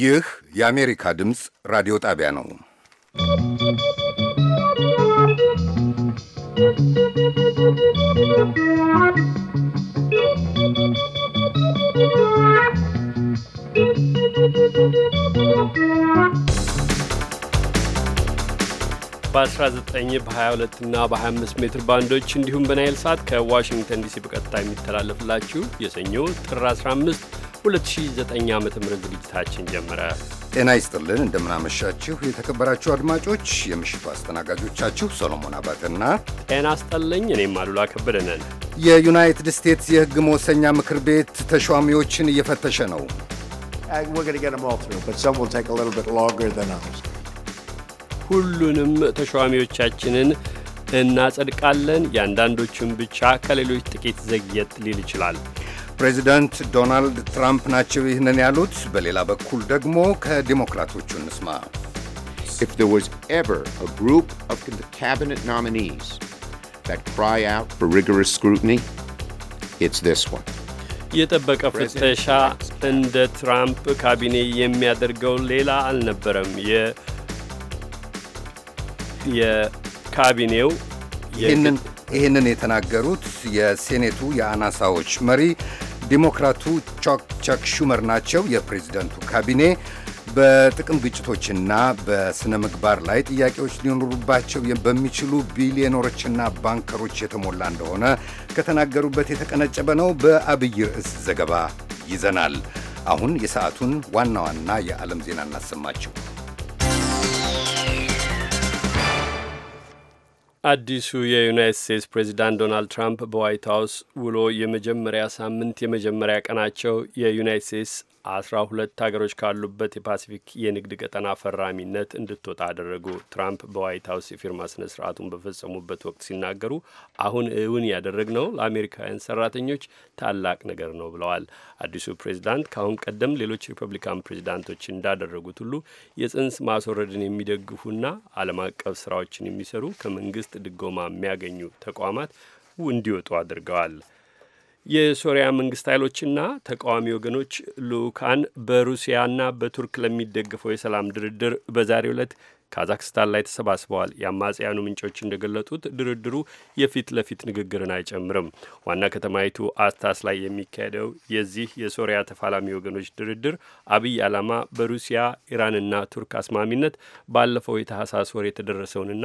ይህ የአሜሪካ ድምፅ ራዲዮ ጣቢያ ነው። በ19 በ22 እና በ25 ሜትር ባንዶች እንዲሁም በናይል ሳት ከዋሽንግተን ዲሲ በቀጥታ የሚተላለፍላችሁ የሰኞ ጥር 15 2009 ዓ ም ዝግጅታችን ጀመረ። ጤና ይስጥልን፣ እንደምናመሻችሁ የተከበራችሁ አድማጮች። የምሽቱ አስተናጋጆቻችሁ ሰሎሞን አባትና ጤና ስጠልኝ፣ እኔም አሉላ ከበደ ነን። የዩናይትድ ስቴትስ የሕግ መወሰኛ ምክር ቤት ተሿሚዎችን እየፈተሸ ነው። uh, ሁሉንም ተሿሚዎቻችንን እናጸድቃለን። የአንዳንዶቹን ብቻ ከሌሎች ጥቂት ዘግየት ሊል ይችላል። ፕሬዚዳንት ዶናልድ ትራምፕ ናቸው ይህንን ያሉት። በሌላ በኩል ደግሞ ከዲሞክራቶቹ እንስማ። If there was ever a group of the cabinet nominees that cry out for rigorous scrutiny, it's this one. የጠበቀ ፍተሻ እንደ ትራምፕ ካቢኔ የሚያደርገው ሌላ አልነበረም። የካቢኔው ይህንን የተናገሩት የሴኔቱ የአናሳዎች መሪ ዲሞክራቱ ቾክ ሹመር ናቸው። የፕሬዚደንቱ ካቢኔ በጥቅም ግጭቶችና በሥነ ምግባር ላይ ጥያቄዎች ሊኖሩባቸው በሚችሉ ቢሊዮነሮችና ባንከሮች የተሞላ እንደሆነ ከተናገሩበት የተቀነጨበ ነው። በአብይ ርዕስ ዘገባ ይዘናል። አሁን የሰዓቱን ዋና ዋና የዓለም ዜና እናሰማችሁ። አዲሱ የዩናይት ስቴትስ ፕሬዚዳንት ዶናልድ ትራምፕ በዋይት ሀውስ ውሎ የመጀመሪያ ሳምንት የመጀመሪያ ቀናቸው የዩናይት ስቴትስ አስራ ሁለት ሀገሮች ካሉበት የፓሲፊክ የንግድ ቀጠና ፈራሚነት እንድትወጣ አደረጉ። ትራምፕ በዋይት ሀውስ የፊርማ ስነ ስርዓቱን በፈጸሙበት ወቅት ሲናገሩ አሁን እውን ያደረግ ነው ለአሜሪካውያን ሰራተኞች ታላቅ ነገር ነው ብለዋል። አዲሱ ፕሬዚዳንት ከአሁን ቀደም ሌሎች ሪፐብሊካን ፕሬዚዳንቶች እንዳደረጉት ሁሉ የጽንስ ማስወረድን የሚደግፉና ዓለም አቀፍ ስራዎችን የሚሰሩ ከመንግስት ድጎማ የሚያገኙ ተቋማት እንዲወጡ አድርገዋል። የሶሪያ መንግስት ኃይሎችና ተቃዋሚ ወገኖች ልዑካን በሩሲያና በቱርክ ለሚደግፈው የሰላም ድርድር በዛሬው ዕለት ካዛክስታን ላይ ተሰባስበዋል። የአማጽያኑ ምንጮች እንደገለጡት ድርድሩ የፊት ለፊት ንግግርን አይጨምርም። ዋና ከተማይቱ አስታስ ላይ የሚካሄደው የዚህ የሶሪያ ተፋላሚ ወገኖች ድርድር አብይ ዓላማ በሩሲያ ኢራንና ቱርክ አስማሚነት ባለፈው የታህሳስ ወር የተደረሰውንና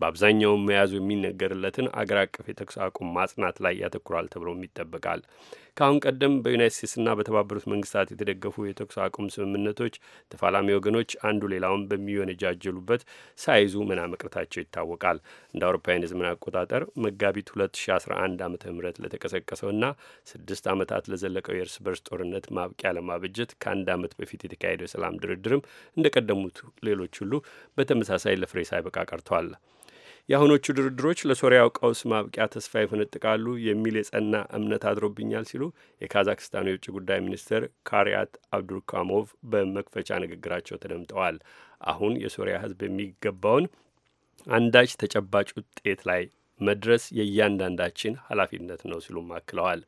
በአብዛኛውም መያዙ የሚነገርለትን አገር አቀፍ የተኩስ አቁም ማጽናት ላይ ያተኩራል ተብሎም ይጠበቃል። ከአሁን ቀደም በዩናይት ስቴትስና በተባበሩት መንግስታት የተደገፉ የተኩስ አቁም ስምምነቶች ተፋላሚ ወገኖች አንዱ ሌላውን በሚወነጃጀሉበት ሳይዙ መና መቅረታቸው ይታወቃል። እንደ አውሮፓውያን የዘመን አቆጣጠር መጋቢት 2011 ዓ ም ለተቀሰቀሰውና ስድስት ዓመታት ለዘለቀው የእርስ በርስ ጦርነት ማብቂያ ለማበጀት ከአንድ ዓመት በፊት የተካሄደው የሰላም ድርድርም እንደ ቀደሙት ሌሎች ሁሉ በተመሳሳይ ለፍሬ ሳይበቃ ቀርቷል። የአሁኖቹ ድርድሮች ለሶሪያው ቀውስ ማብቂያ ተስፋ ይፈነጥቃሉ የሚል የጸና እምነት አድሮብኛል ሲሉ የካዛክስታኑ የውጭ ጉዳይ ሚኒስትር ካሪያት አብዱልካሞቭ በመክፈቻ ንግግራቸው ተደምጠዋል። አሁን የሶሪያ ሕዝብ የሚገባውን አንዳች ተጨባጭ ውጤት ላይ መድረስ የእያንዳንዳችን ኃላፊነት ነው ሲሉም አክለዋል።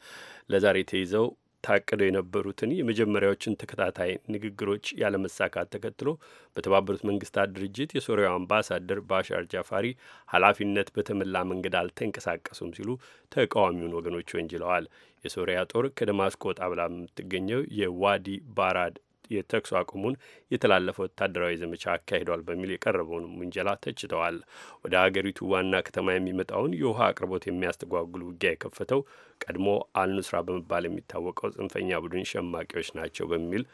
ለዛሬ ተይዘው ታቅደው የነበሩትን የመጀመሪያዎችን ተከታታይ ንግግሮች ያለመሳካት ተከትሎ በተባበሩት መንግስታት ድርጅት የሶሪያው አምባሳደር ባሻር ጃፋሪ ኃላፊነት በተሞላ መንገድ አልተንቀሳቀሱም ሲሉ ተቃዋሚውን ወገኖች ወንጅለዋል። የሶሪያ ጦር ከደማስቆ ወጣ ብላ የምትገኘው የዋዲ ባራድ የተኩስ አቁሙን የተላለፈ ወታደራዊ ዘመቻ አካሂዷል በሚል የቀረበውን ውንጀላ ተችተዋል። ወደ አገሪቱ ዋና ከተማ የሚመጣውን የውሃ አቅርቦት የሚያስተጓጉል ውጊያ የከፈተው ቀድሞ አልኑስራ በመባል የሚታወቀው ጽንፈኛ ቡድን ሸማቂዎች ናቸው በሚል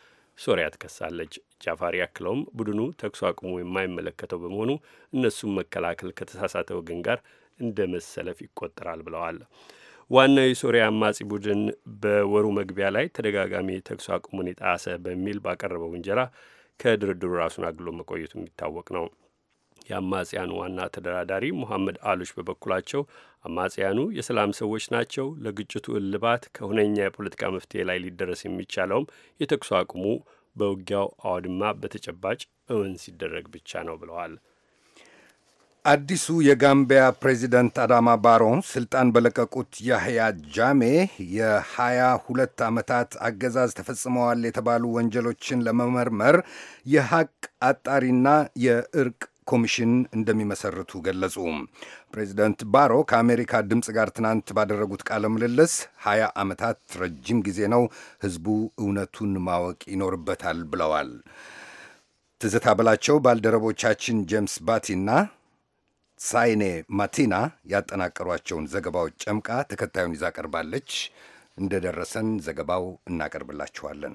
ሶሪያ ትከሳለች። ጃፋሪ አክለውም ቡድኑ ተኩስ አቁሙ የማይመለከተው በመሆኑ እነሱን መከላከል ከተሳሳተ ወገን ጋር እንደ መሰለፍ ይቆጠራል ብለዋል። ዋናው የሶሪያ አማጺ ቡድን በወሩ መግቢያ ላይ ተደጋጋሚ ተኩስ አቁሙን የጣሰ በሚል ባቀረበው ውንጀላ ከድርድሩ ራሱን አግሎ መቆየቱ የሚታወቅ ነው። የአማጽያኑ ዋና ተደራዳሪ ሙሐመድ አሎች በበኩላቸው አማጽያኑ የሰላም ሰዎች ናቸው፣ ለግጭቱ እልባት ከሁነኛ የፖለቲካ መፍትሄ ላይ ሊደረስ የሚቻለውም የተኩስ አቁሙ በውጊያው አውድማ በተጨባጭ እውን ሲደረግ ብቻ ነው ብለዋል። አዲሱ የጋምቢያ ፕሬዚደንት አዳማ ባሮ ስልጣን በለቀቁት ያህያ ጃሜ የሃያ ሁለት ዓመታት አገዛዝ ተፈጽመዋል የተባሉ ወንጀሎችን ለመመርመር የሐቅ አጣሪና የእርቅ ኮሚሽን እንደሚመሰርቱ ገለጹ። ፕሬዚደንት ባሮ ከአሜሪካ ድምፅ ጋር ትናንት ባደረጉት ቃለ ምልልስ ሀያ ዓመታት ረጅም ጊዜ ነው፣ ህዝቡ እውነቱን ማወቅ ይኖርበታል ብለዋል። ትዝታ በላቸው ባልደረቦቻችን ጄምስ ባቲና ሳይኔ ማቲና ያጠናቀሯቸውን ዘገባዎች ጨምቃ ተከታዩን ይዛ ቀርባለች። እንደደረሰን ዘገባው እናቀርብላችኋለን።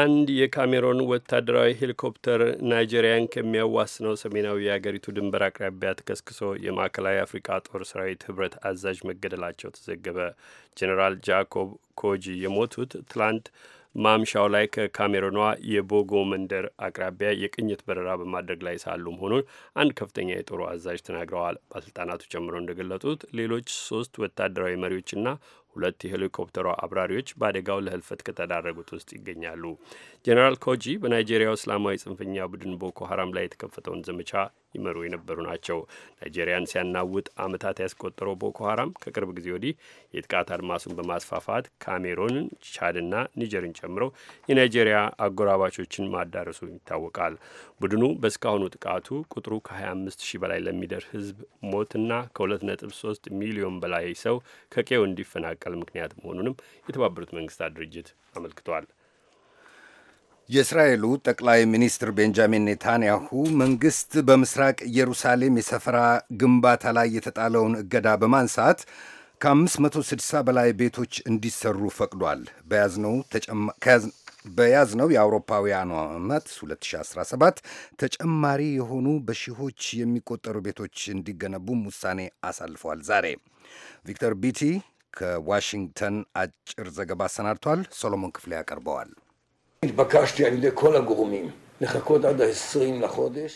አንድ የካሜሮን ወታደራዊ ሄሊኮፕተር ናይጄሪያን ከሚያዋስነው ሰሜናዊ የአገሪቱ ድንበር አቅራቢያ ተከስክሶ የማዕከላዊ አፍሪካ ጦር ሰራዊት ህብረት አዛዥ መገደላቸው ተዘገበ። ጄኔራል ጃኮብ ኮጂ የሞቱት ትላንት ማምሻው ላይ ከካሜሮኗ የቦጎ መንደር አቅራቢያ የቅኝት በረራ በማድረግ ላይ ሳሉ መሆኑን አንድ ከፍተኛ የጦሩ አዛዥ ተናግረዋል። ባለስልጣናቱ ጨምሮ እንደገለጡት ሌሎች ሶስት ወታደራዊ መሪዎችና ሁለት የሄሊኮፕተሯ አብራሪዎች በአደጋው ለህልፈት ከተዳረጉት ውስጥ ይገኛሉ። ጄኔራል ኮጂ በናይጄሪያው እስላማዊ ጽንፈኛ ቡድን ቦኮ ሀራም ላይ የተከፈተውን ዘመቻ ይመሩ የነበሩ ናቸው። ናይጄሪያን ሲያናውጥ ዓመታት ያስቆጠረው ቦኮ ሀራም ከቅርብ ጊዜ ወዲህ የጥቃት አድማሱን በማስፋፋት ካሜሮንን፣ ቻድና ኒጀርን ጨምሮ የናይጄሪያ አጎራባቾችን ማዳረሱ ይታወቃል። ቡድኑ በእስካሁኑ ጥቃቱ ቁጥሩ ከ25 ሺህ በላይ ለሚደርስ ሕዝብ ሞትና ከ2.3 ሚሊዮን በላይ ሰው ከቄው እንዲፈናቀል ምክንያት መሆኑንም የተባበሩት መንግስታት ድርጅት አመልክቷል። የእስራኤሉ ጠቅላይ ሚኒስትር ቤንጃሚን ኔታንያሁ መንግሥት በምስራቅ ኢየሩሳሌም የሰፈራ ግንባታ ላይ የተጣለውን እገዳ በማንሳት ከ560 በላይ ቤቶች እንዲሰሩ ፈቅዷል። በያዝነው በያዝነው የአውሮፓውያኑ ዓመት 2017 ተጨማሪ የሆኑ በሺዎች የሚቆጠሩ ቤቶች እንዲገነቡም ውሳኔ አሳልፏል። ዛሬ ቪክተር ቢቲ ከዋሽንግተን አጭር ዘገባ አሰናድቷል። ሶሎሞን ክፍሌ ያቀርበዋል። התבקשתי על ידי הגורמים לחכות עד ה-20 לחודש.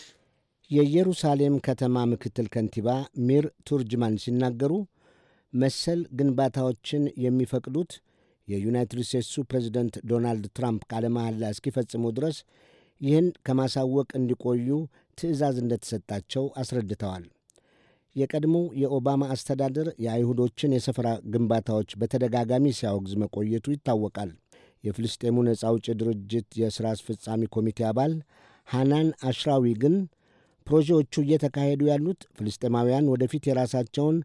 የኢየሩሳሌም ከተማ ምክትል ከንቲባ ሚር ቱርጅማን ሲናገሩ መሰል ግንባታዎችን የሚፈቅዱት የዩናይትድ ስቴትሱ ፕሬዚደንት ዶናልድ ትራምፕ ቃለ መሐላ እስኪፈጽሙ ድረስ ይህን ከማሳወቅ እንዲቆዩ ትዕዛዝ እንደተሰጣቸው አስረድተዋል። የቀድሞ የኦባማ አስተዳደር የአይሁዶችን የሰፈራ ግንባታዎች በተደጋጋሚ ሲያወግዝ መቆየቱ ይታወቃል። የፍልስጤሙ ነጻ አውጪ ድርጅት የሥራ አስፈጻሚ ኮሚቴ አባል ሐናን አሽራዊ ግን ፕሮጀዎቹ እየተካሄዱ ያሉት ፍልስጤማውያን ወደፊት የራሳቸውን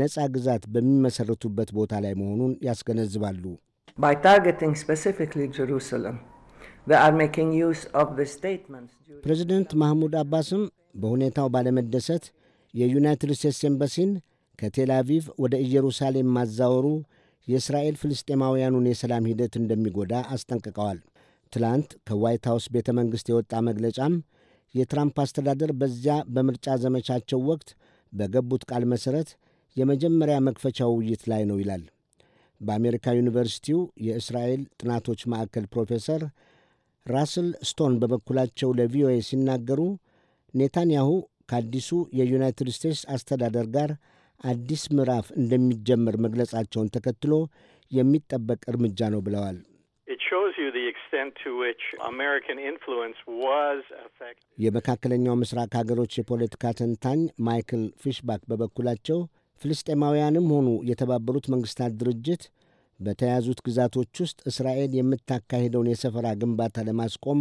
ነጻ ግዛት በሚመሠረቱበት ቦታ ላይ መሆኑን ያስገነዝባሉ። ፕሬዚደንት ማህሙድ አባስም በሁኔታው ባለመደሰት የዩናይትድ ስቴትስ ኤምባሲን ከቴል አቪቭ ወደ ኢየሩሳሌም ማዛወሩ የእስራኤል ፍልስጤማውያኑን የሰላም ሂደት እንደሚጎዳ አስጠንቅቀዋል። ትላንት ከዋይት ሃውስ ቤተ መንግሥት የወጣ መግለጫም የትራምፕ አስተዳደር በዚያ በምርጫ ዘመቻቸው ወቅት በገቡት ቃል መሠረት የመጀመሪያ መክፈቻ ውይይት ላይ ነው ይላል። በአሜሪካ ዩኒቨርሲቲው የእስራኤል ጥናቶች ማዕከል ፕሮፌሰር ራስል ስቶን በበኩላቸው ለቪኦኤ ሲናገሩ ኔታንያሁ ከአዲሱ የዩናይትድ ስቴትስ አስተዳደር ጋር አዲስ ምዕራፍ እንደሚጀመር መግለጻቸውን ተከትሎ የሚጠበቅ እርምጃ ነው ብለዋል። የመካከለኛው ምስራቅ ሀገሮች የፖለቲካ ተንታኝ ማይክል ፊሽባክ በበኩላቸው ፍልስጤማውያንም ሆኑ የተባበሩት መንግስታት ድርጅት በተያዙት ግዛቶች ውስጥ እስራኤል የምታካሄደውን የሰፈራ ግንባታ ለማስቆም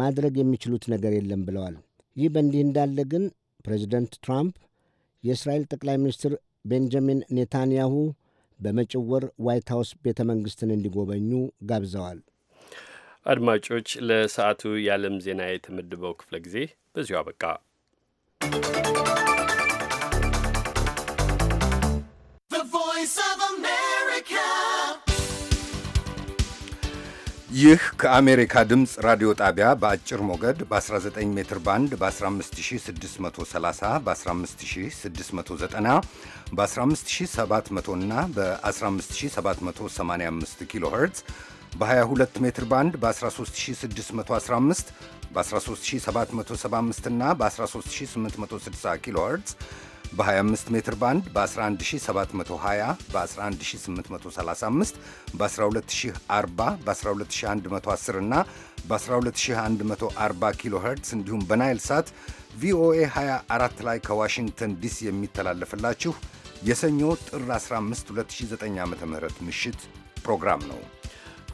ማድረግ የሚችሉት ነገር የለም ብለዋል። ይህ በእንዲህ እንዳለ ግን ፕሬዚደንት ትራምፕ የእስራኤል ጠቅላይ ሚኒስትር ቤንጃሚን ኔታንያሁ በመጪው ወር ዋይት ሀውስ ቤተ መንግሥትን እንዲጎበኙ ጋብዘዋል። አድማጮች፣ ለሰዓቱ የዓለም ዜና የተመደበው ክፍለ ጊዜ በዚሁ አበቃ። ይህ ከአሜሪካ ድምፅ ራዲዮ ጣቢያ በአጭር ሞገድ በ19 ሜትር ባንድ በ15630 በ15690 በ15700 እና በ15785 ኪሎ ኸርትዝ በ22 ሜትር ባንድ በ13615 በ13775 እና በ13860 ኪሎ ኸርትዝ በ25 ሜትር ባንድ በ11720 በ11835 በ12040 በ12110 እና በ12140 ኪሎ ሄርትስ እንዲሁም በናይል ሳት ቪኦኤ 24 ላይ ከዋሽንግተን ዲሲ የሚተላለፍላችሁ የሰኞ ጥር 15 2009 ዓ ም ምሽት ፕሮግራም ነው።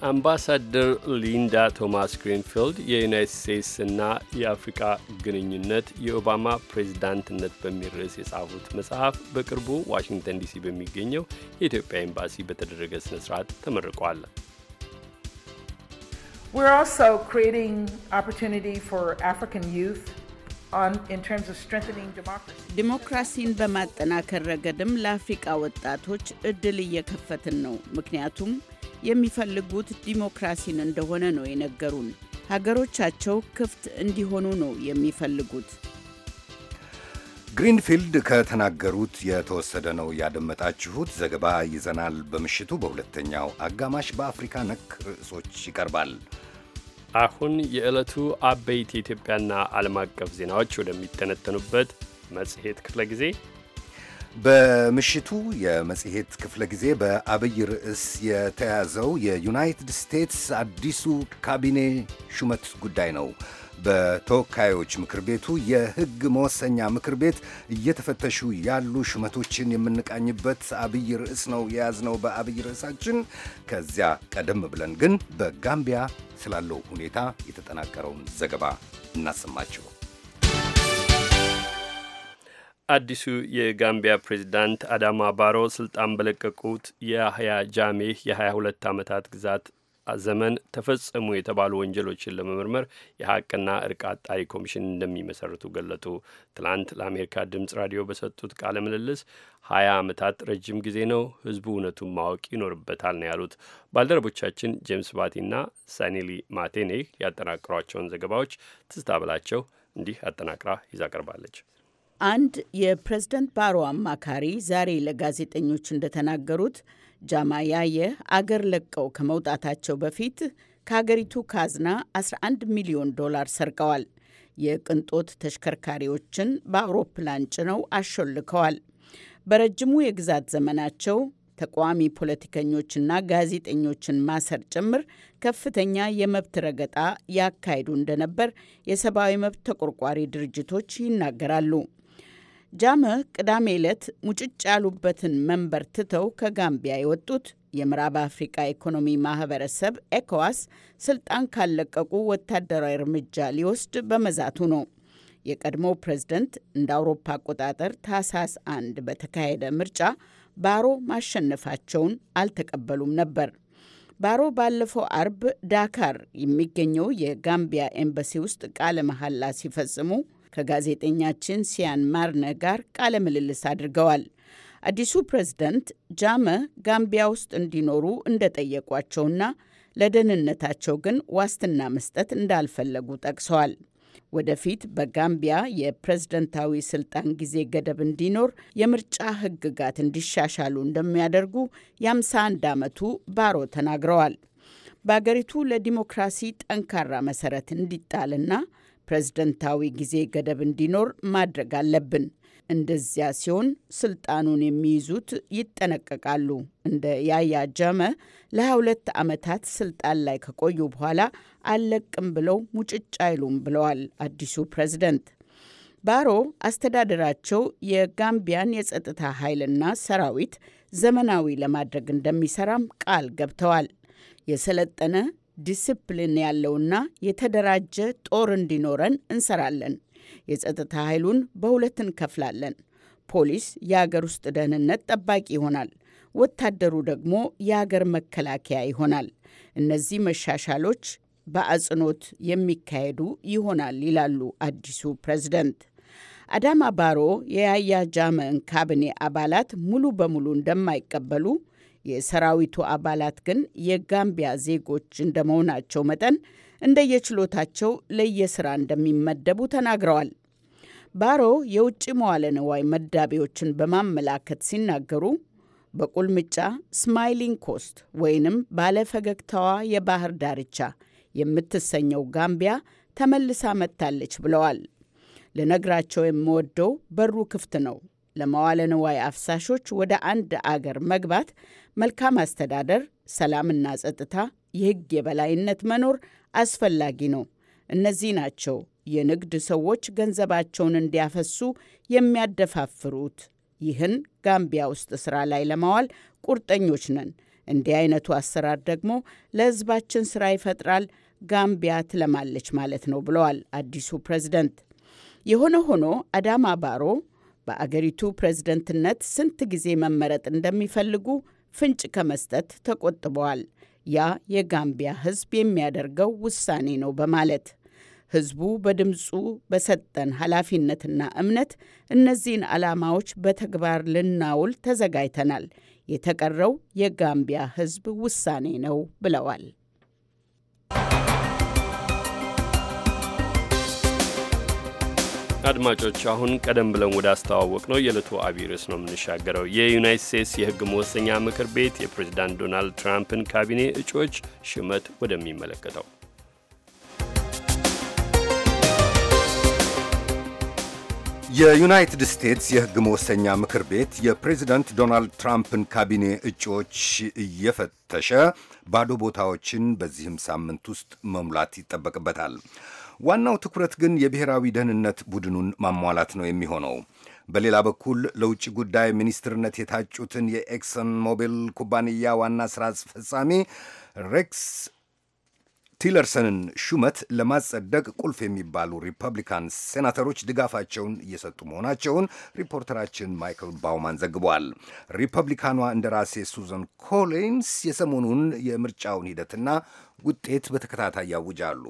አምባሳደር ሊንዳ ቶማስ ግሪንፊልድ የዩናይትድ ስቴትስና የአፍሪቃ ግንኙነት የኦባማ ፕሬዚዳንትነት በሚል ርዕስ የጻፉት መጽሐፍ በቅርቡ ዋሽንግተን ዲሲ በሚገኘው የኢትዮጵያ ኤምባሲ በተደረገ ስነ ስርዓት ተመርቋል። We're also creating opportunity for African youth ዲሞክራሲን በማጠናከር ረገድም ለአፍሪቃ ወጣቶች እድል እየከፈትን ነው። ምክንያቱም የሚፈልጉት ዲሞክራሲን እንደሆነ ነው የነገሩን። ሀገሮቻቸው ክፍት እንዲሆኑ ነው የሚፈልጉት። ግሪንፊልድ ከተናገሩት የተወሰደ ነው ያደመጣችሁት። ዘገባ ይዘናል በምሽቱ በሁለተኛው አጋማሽ በአፍሪካ ነክ ርዕሶች ይቀርባል። አሁን የዕለቱ አበይት የኢትዮጵያና ዓለም አቀፍ ዜናዎች ወደሚተነተኑበት መጽሔት ክፍለ ጊዜ በምሽቱ የመጽሔት ክፍለ ጊዜ በአብይ ርዕስ የተያዘው የዩናይትድ ስቴትስ አዲሱ ካቢኔ ሹመት ጉዳይ ነው። በተወካዮች ምክር ቤቱ የሕግ መወሰኛ ምክር ቤት እየተፈተሹ ያሉ ሹመቶችን የምንቃኝበት አብይ ርዕስ ነው የያዝነው በአብይ ርዕሳችን። ከዚያ ቀደም ብለን ግን በጋምቢያ ስላለው ሁኔታ የተጠናቀረውን ዘገባ እናሰማችሁ። አዲሱ የጋምቢያ ፕሬዚዳንት አዳማ ባሮ ስልጣን በለቀቁት የያህያ ጃሜህ 2 ሁለት ዓመታት ግዛት ዘመን ተፈጸሙ የተባሉ ወንጀሎችን ለመመርመር የሀቅና እርቅ አጣሪ ኮሚሽን እንደሚመሰርቱ ገለጡ። ትናንት ለአሜሪካ ድምፅ ራዲዮ በሰጡት ቃለ ምልልስ ሀያ ዓመታት ረጅም ጊዜ ነው፣ ህዝቡ እውነቱን ማወቅ ይኖርበታል ነው ያሉት። ባልደረቦቻችን ጄምስ ባቲና ሳኒሊ ማቴኔ ያጠናቅሯቸውን ዘገባዎች ትስታ ብላቸው እንዲህ አጠናቅራ ይዛ ቀርባለች። አንድ የፕሬዝደንት ባሮ አማካሪ ዛሬ ለጋዜጠኞች እንደተናገሩት ያየ አገር ለቀው ከመውጣታቸው በፊት ከሀገሪቱ ካዝና 11 ሚሊዮን ዶላር ሰርቀዋል። የቅንጦት ተሽከርካሪዎችን በአውሮፕላን ጭነው አሾልከዋል። በረጅሙ የግዛት ዘመናቸው ተቃዋሚ ፖለቲከኞችና ጋዜጠኞችን ማሰር ጭምር ከፍተኛ የመብት ረገጣ ያካሂዱ እንደነበር የሰብአዊ መብት ተቆርቋሪ ድርጅቶች ይናገራሉ። ጃመ ቅዳሜ ዕለት ሙጭጭ ያሉበትን መንበር ትተው ከጋምቢያ የወጡት የምዕራብ አፍሪካ ኢኮኖሚ ማህበረሰብ ኤኮዋስ ስልጣን ካለቀቁ ወታደራዊ እርምጃ ሊወስድ በመዛቱ ነው። የቀድሞው ፕሬዝደንት እንደ አውሮፓ አቆጣጠር ታህሳስ አንድ በተካሄደ ምርጫ ባሮ ማሸነፋቸውን አልተቀበሉም ነበር። ባሮ ባለፈው አርብ ዳካር የሚገኘው የጋምቢያ ኤምባሲ ውስጥ ቃለ መሐላ ሲፈጽሙ ከጋዜጠኛችን ሲያን ማርነ ጋር ቃለ ምልልስ አድርገዋል። አዲሱ ፕሬዝደንት ጃመ ጋምቢያ ውስጥ እንዲኖሩ እንደጠየቋቸውና ለደህንነታቸው ግን ዋስትና መስጠት እንዳልፈለጉ ጠቅሰዋል። ወደፊት በጋምቢያ የፕሬዝደንታዊ ስልጣን ጊዜ ገደብ እንዲኖር የምርጫ ሕግጋት እንዲሻሻሉ እንደሚያደርጉ የ51 ዓመቱ ባሮ ተናግረዋል። በአገሪቱ ለዲሞክራሲ ጠንካራ መሰረት እንዲጣልና ፕሬዝደንታዊ ጊዜ ገደብ እንዲኖር ማድረግ አለብን። እንደዚያ ሲሆን ስልጣኑን የሚይዙት ይጠነቀቃሉ። እንደ ያያ ጀመ ለ22 ዓመታት ስልጣን ላይ ከቆዩ በኋላ አልለቅም ብለው ሙጭጭ አይሉም ብለዋል አዲሱ ፕሬዝደንት። ባሮ አስተዳደራቸው የጋምቢያን የጸጥታ ኃይልና ሰራዊት ዘመናዊ ለማድረግ እንደሚሰራም ቃል ገብተዋል። የሰለጠነ ዲስፕሊን ያለውና የተደራጀ ጦር እንዲኖረን እንሰራለን። የጸጥታ ኃይሉን በሁለት እንከፍላለን። ፖሊስ የአገር ውስጥ ደህንነት ጠባቂ ይሆናል። ወታደሩ ደግሞ የአገር መከላከያ ይሆናል። እነዚህ መሻሻሎች በአጽንኦት የሚካሄዱ ይሆናል ይላሉ አዲሱ ፕሬዝደንት። አዳማ ባሮ የያያ ጃመን ካቢኔ አባላት ሙሉ በሙሉ እንደማይቀበሉ የሰራዊቱ አባላት ግን የጋምቢያ ዜጎች እንደመሆናቸው መጠን እንደየችሎታቸው ለየስራ እንደሚመደቡ ተናግረዋል። ባሮ የውጭ መዋለ ንዋይ መዳቢዎችን በማመላከት ሲናገሩ በቁልምጫ ስማይሊንግ ኮስት ወይንም ባለፈገግታዋ የባህር ዳርቻ የምትሰኘው ጋምቢያ ተመልሳ መጥታለች ብለዋል። ልነግራቸው የምወደው በሩ ክፍት ነው። ለመዋለ ንዋይ አፍሳሾች ወደ አንድ አገር መግባት መልካም አስተዳደር፣ ሰላምና ጸጥታ፣ የህግ የበላይነት መኖር አስፈላጊ ነው። እነዚህ ናቸው የንግድ ሰዎች ገንዘባቸውን እንዲያፈሱ የሚያደፋፍሩት። ይህን ጋምቢያ ውስጥ ሥራ ላይ ለማዋል ቁርጠኞች ነን። እንዲህ አይነቱ አሰራር ደግሞ ለሕዝባችን ሥራ ይፈጥራል፣ ጋምቢያ ትለማለች ማለት ነው ብለዋል አዲሱ ፕሬዝደንት። የሆነ ሆኖ አዳማ ባሮ በአገሪቱ ፕሬዝደንትነት ስንት ጊዜ መመረጥ እንደሚፈልጉ ፍንጭ ከመስጠት ተቆጥበዋል። ያ የጋምቢያ ሕዝብ የሚያደርገው ውሳኔ ነው በማለት ሕዝቡ በድምፁ በሰጠን ኃላፊነትና እምነት እነዚህን ዓላማዎች በተግባር ልናውል ተዘጋጅተናል። የተቀረው የጋምቢያ ሕዝብ ውሳኔ ነው ብለዋል። አድማጮች አሁን ቀደም ብለን ወደ አስተዋወቅ ነው የዕለቱ አብይ ርዕስ ነው የምንሻገረው። የዩናይት ስቴትስ የሕግ መወሰኛ ምክር ቤት የፕሬዚዳንት ዶናልድ ትራምፕን ካቢኔ እጩዎች ሽመት ወደሚመለከተው የዩናይትድ ስቴትስ የሕግ መወሰኛ ምክር ቤት የፕሬዚዳንት ዶናልድ ትራምፕን ካቢኔ እጩዎች እየፈተሸ ባዶ ቦታዎችን በዚህም ሳምንት ውስጥ መሙላት ይጠበቅበታል። ዋናው ትኩረት ግን የብሔራዊ ደህንነት ቡድኑን ማሟላት ነው የሚሆነው። በሌላ በኩል ለውጭ ጉዳይ ሚኒስትርነት የታጩትን የኤክሰን ሞቢል ኩባንያ ዋና ሥራ አስፈጻሚ ሬክስ ቲለርሰንን ሹመት ለማጸደቅ ቁልፍ የሚባሉ ሪፐብሊካን ሴናተሮች ድጋፋቸውን እየሰጡ መሆናቸውን ሪፖርተራችን ማይክል ባውማን ዘግቧል። ሪፐብሊካኗ እንደራሴ ሱዘን ኮሊንስ የሰሞኑን የምርጫውን ሂደትና ውጤት በተከታታይ ያውጃሉ።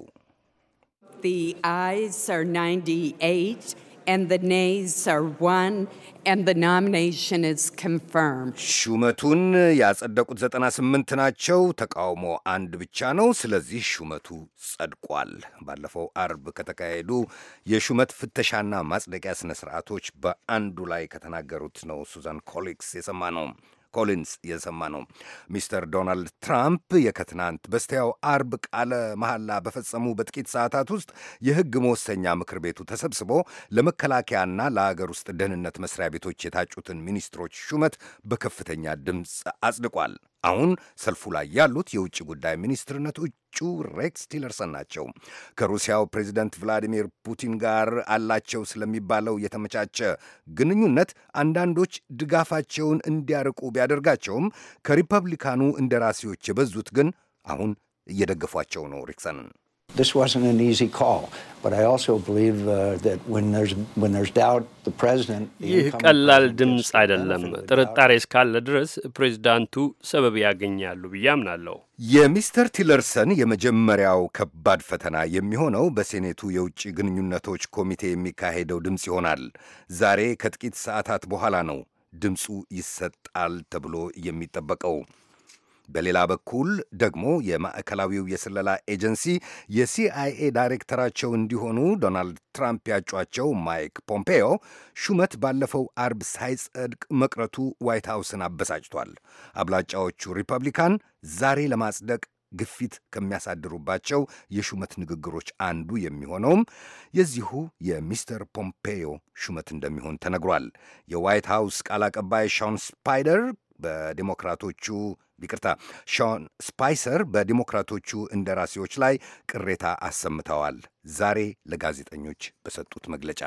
the ayes are 98 and the nays are 1 and the nomination is confirmed. ሹመቱን ያጸደቁት 98 ናቸው። ተቃውሞ አንድ ብቻ ነው። ስለዚህ ሹመቱ ጸድቋል። ባለፈው አርብ ከተካሄዱ የሹመት ፍተሻና ማጽደቂያ ስነ ስርዓቶች በአንዱ ላይ ከተናገሩት ነው ሱዛን ኮሊክስ የሰማ ነው። ኮሊንስ የሰማ ነው። ሚስተር ዶናልድ ትራምፕ የከትናንት በስቲያው አርብ ቃለ መሐላ በፈጸሙ በጥቂት ሰዓታት ውስጥ የሕግ መወሰኛ ምክር ቤቱ ተሰብስቦ ለመከላከያና ለአገር ውስጥ ደህንነት መስሪያ ቤቶች የታጩትን ሚኒስትሮች ሹመት በከፍተኛ ድምፅ አጽድቋል። አሁን ሰልፉ ላይ ያሉት የውጭ ጉዳይ ሚኒስትርነት እጩ ሬክስ ቲለርሰን ናቸው። ከሩሲያው ፕሬዚደንት ቭላዲሚር ፑቲን ጋር አላቸው ስለሚባለው የተመቻቸ ግንኙነት አንዳንዶች ድጋፋቸውን እንዲያርቁ ቢያደርጋቸውም ከሪፐብሊካኑ እንደራሴዎች የበዙት ግን አሁን እየደገፏቸው ነው ሪክሰንን This wasn't an easy call. ይህ ቀላል ድምፅ አይደለም። ጥርጣሬ እስካለ ድረስ ፕሬዚዳንቱ ሰበብ ያገኛሉ ብዬ አምናለሁ። የሚስተር ቲለርሰን የመጀመሪያው ከባድ ፈተና የሚሆነው በሴኔቱ የውጭ ግንኙነቶች ኮሚቴ የሚካሄደው ድምፅ ይሆናል። ዛሬ ከጥቂት ሰዓታት በኋላ ነው ድምፁ ይሰጣል ተብሎ የሚጠበቀው። በሌላ በኩል ደግሞ የማዕከላዊው የስለላ ኤጀንሲ የሲአይኤ ዳይሬክተራቸው እንዲሆኑ ዶናልድ ትራምፕ ያጯቸው ማይክ ፖምፔዮ ሹመት ባለፈው አርብ ሳይጸድቅ መቅረቱ ዋይት ሃውስን አበሳጭቷል። አብላጫዎቹ ሪፐብሊካን ዛሬ ለማጽደቅ ግፊት ከሚያሳድሩባቸው የሹመት ንግግሮች አንዱ የሚሆነውም የዚሁ የሚስተር ፖምፔዮ ሹመት እንደሚሆን ተነግሯል። የዋይት ሃውስ ቃል አቀባይ ሻውን ስፓይደር በዴሞክራቶቹ ይቅርታ ሾን ስፓይሰር በዲሞክራቶቹ እንደራሴዎች ላይ ቅሬታ አሰምተዋል ዛሬ ለጋዜጠኞች በሰጡት መግለጫ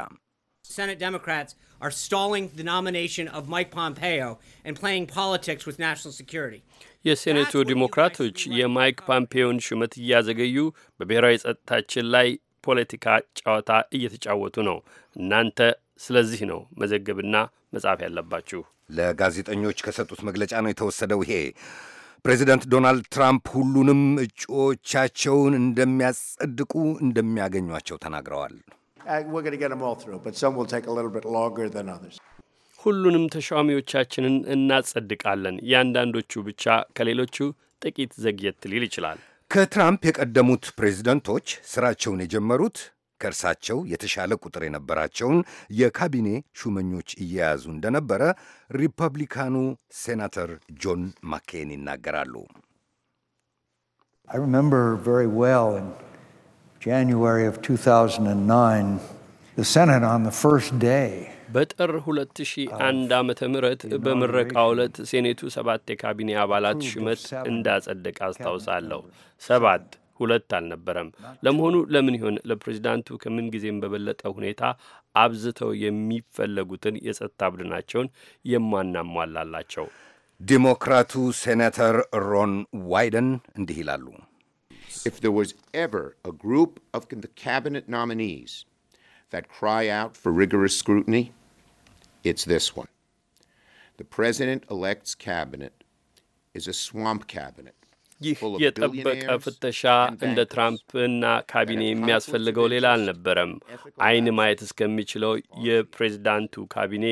Senate Democrats are stalling the nomination of Mike Pompeo and playing politics with national security. የሴኔቱ ዲሞክራቶች የማይክ ፖምፔዮን ሹመት እያዘገዩ በብሔራዊ ጸጥታችን ላይ ፖለቲካ ጨዋታ እየተጫወቱ ነው። እናንተ ስለዚህ ነው መዘገብና መጻፍ ያለባችሁ። ለጋዜጠኞች ከሰጡት መግለጫ ነው የተወሰደው ይሄ። ፕሬዚደንት ዶናልድ ትራምፕ ሁሉንም እጩዎቻቸውን እንደሚያጸድቁ እንደሚያገኟቸው ተናግረዋል። uh, ሁሉንም ተሿሚዎቻችንን እናጸድቃለን። የአንዳንዶቹ ብቻ ከሌሎቹ ጥቂት ዘግየት ሊል ይችላል። ከትራምፕ የቀደሙት ፕሬዚደንቶች ስራቸውን የጀመሩት ከእርሳቸው የተሻለ ቁጥር የነበራቸውን የካቢኔ ሹመኞች እየያዙ እንደነበረ ሪፐብሊካኑ ሴናተር ጆን ማኬን ይናገራሉ። በጥር 2001 ዓ ም በምረቃ ዕለት ሴኔቱ ሰባት የካቢኔ አባላት ሹመት እንዳጸደቀ አስታውሳለሁ። ሰባት ሁለት አልነበረም። ለመሆኑ ለምን ይሆን ለፕሬዚዳንቱ ከምን ጊዜም በበለጠ ሁኔታ አብዝተው የሚፈለጉትን የጸጥታ ቡድናቸውን የማናሟላላቸው? ዲሞክራቱ ሴናተር ሮን ዋይደን እንዲህ ይላሉ። If there was ever a group of the cabinet nominees that cry out for rigorous scrutiny, it's this one. The president elect's cabinet is a swamp cabinet. ይህ የጠበቀ ፍተሻ እንደ ትራምፕና ካቢኔ የሚያስፈልገው ሌላ አልነበረም። አይን ማየት እስከሚችለው የፕሬዚዳንቱ ካቢኔ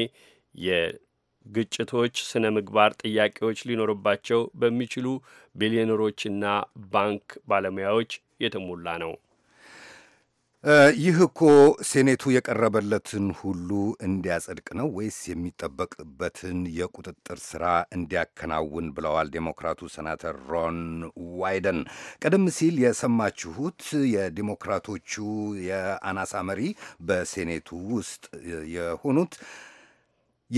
የግጭቶች ስነ ምግባር ጥያቄዎች ሊኖርባቸው በሚችሉ ቢሊዮነሮችና ባንክ ባለሙያዎች የተሞላ ነው። ይህ እኮ ሴኔቱ የቀረበለትን ሁሉ እንዲያጸድቅ ነው ወይስ የሚጠበቅበትን የቁጥጥር ስራ እንዲያከናውን ብለዋል ዴሞክራቱ ሰናተር ሮን ዋይደን። ቀደም ሲል የሰማችሁት የዴሞክራቶቹ የአናሳ መሪ በሴኔቱ ውስጥ የሆኑት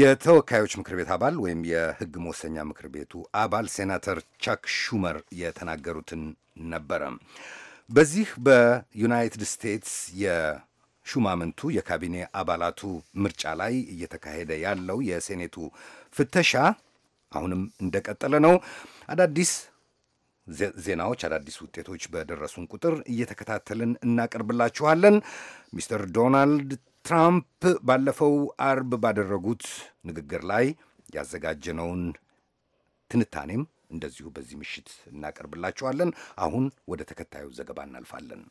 የተወካዮች ምክር ቤት አባል ወይም የሕግ መወሰኛ ምክር ቤቱ አባል ሴናተር ቻክ ሹመር የተናገሩትን ነበረ። በዚህ በዩናይትድ ስቴትስ የሹማምንቱ የካቢኔ አባላቱ ምርጫ ላይ እየተካሄደ ያለው የሴኔቱ ፍተሻ አሁንም እንደቀጠለ ነው። አዳዲስ ዜናዎች፣ አዳዲስ ውጤቶች በደረሱን ቁጥር እየተከታተልን እናቀርብላችኋለን። ሚስተር ዶናልድ ትራምፕ ባለፈው አርብ ባደረጉት ንግግር ላይ ያዘጋጀነውን ትንታኔም እንደዚሁ በዚህ ምሽት እናቀርብላችኋለን። አሁን ወደ ተከታዩ ዘገባ እናልፋለን።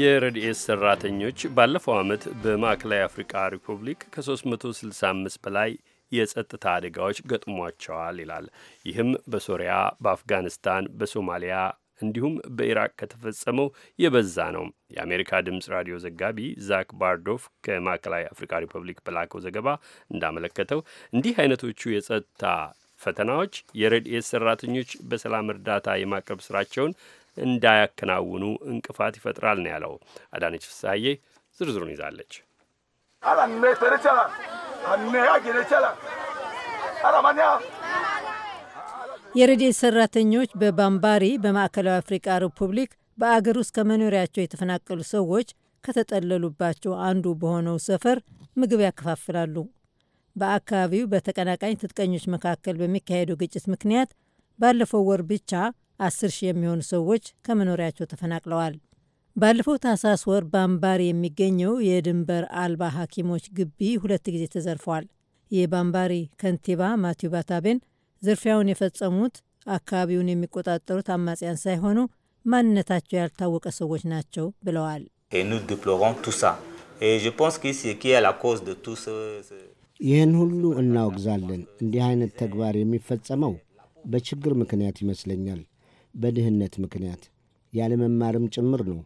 የረድኤት ሰራተኞች ባለፈው ዓመት በማዕከላዊ አፍሪካ ሪፑብሊክ ከ365 በላይ የጸጥታ አደጋዎች ገጥሟቸዋል ይላል። ይህም በሶሪያ፣ በአፍጋኒስታን፣ በሶማሊያ፣ እንዲሁም በኢራቅ ከተፈጸመው የበዛ ነው። የአሜሪካ ድምፅ ራዲዮ ዘጋቢ ዛክ ባርዶፍ ከማዕከላዊ አፍሪካ ሪፐብሊክ በላከው ዘገባ እንዳመለከተው እንዲህ አይነቶቹ የጸጥታ ፈተናዎች የረድኤት ሰራተኞች በሰላም እርዳታ የማቅረብ ስራቸውን እንዳያከናውኑ እንቅፋት ይፈጥራል ነው ያለው። አዳነች ፍሳዬ ዝርዝሩን ይዛለች። የረድኤት ሰራተኞች በባምባሪ በማዕከላዊ አፍሪቃ ሪፑብሊክ በአገር ውስጥ ከመኖሪያቸው የተፈናቀሉ ሰዎች ከተጠለሉባቸው አንዱ በሆነው ሰፈር ምግብ ያከፋፍላሉ። በአካባቢው በተቀናቃኝ ትጥቀኞች መካከል በሚካሄደው ግጭት ምክንያት ባለፈው ወር ብቻ አስር ሺህ የሚሆኑ ሰዎች ከመኖሪያቸው ተፈናቅለዋል። ባለፈው ታህሳስ ወር ባምባሪ የሚገኘው የድንበር አልባ ሐኪሞች ግቢ ሁለት ጊዜ ተዘርፏል። የባምባሪ ከንቲባ ማቲው ባታቤን ዝርፊያውን የፈጸሙት አካባቢውን የሚቆጣጠሩት አማጽያን ሳይሆኑ ማንነታቸው ያልታወቀ ሰዎች ናቸው ብለዋል። ይህን ሁሉ እናወግዛለን። እንዲህ አይነት ተግባር የሚፈጸመው በችግር ምክንያት ይመስለኛል፣ በድህነት ምክንያት ያለመማርም ጭምር ነው።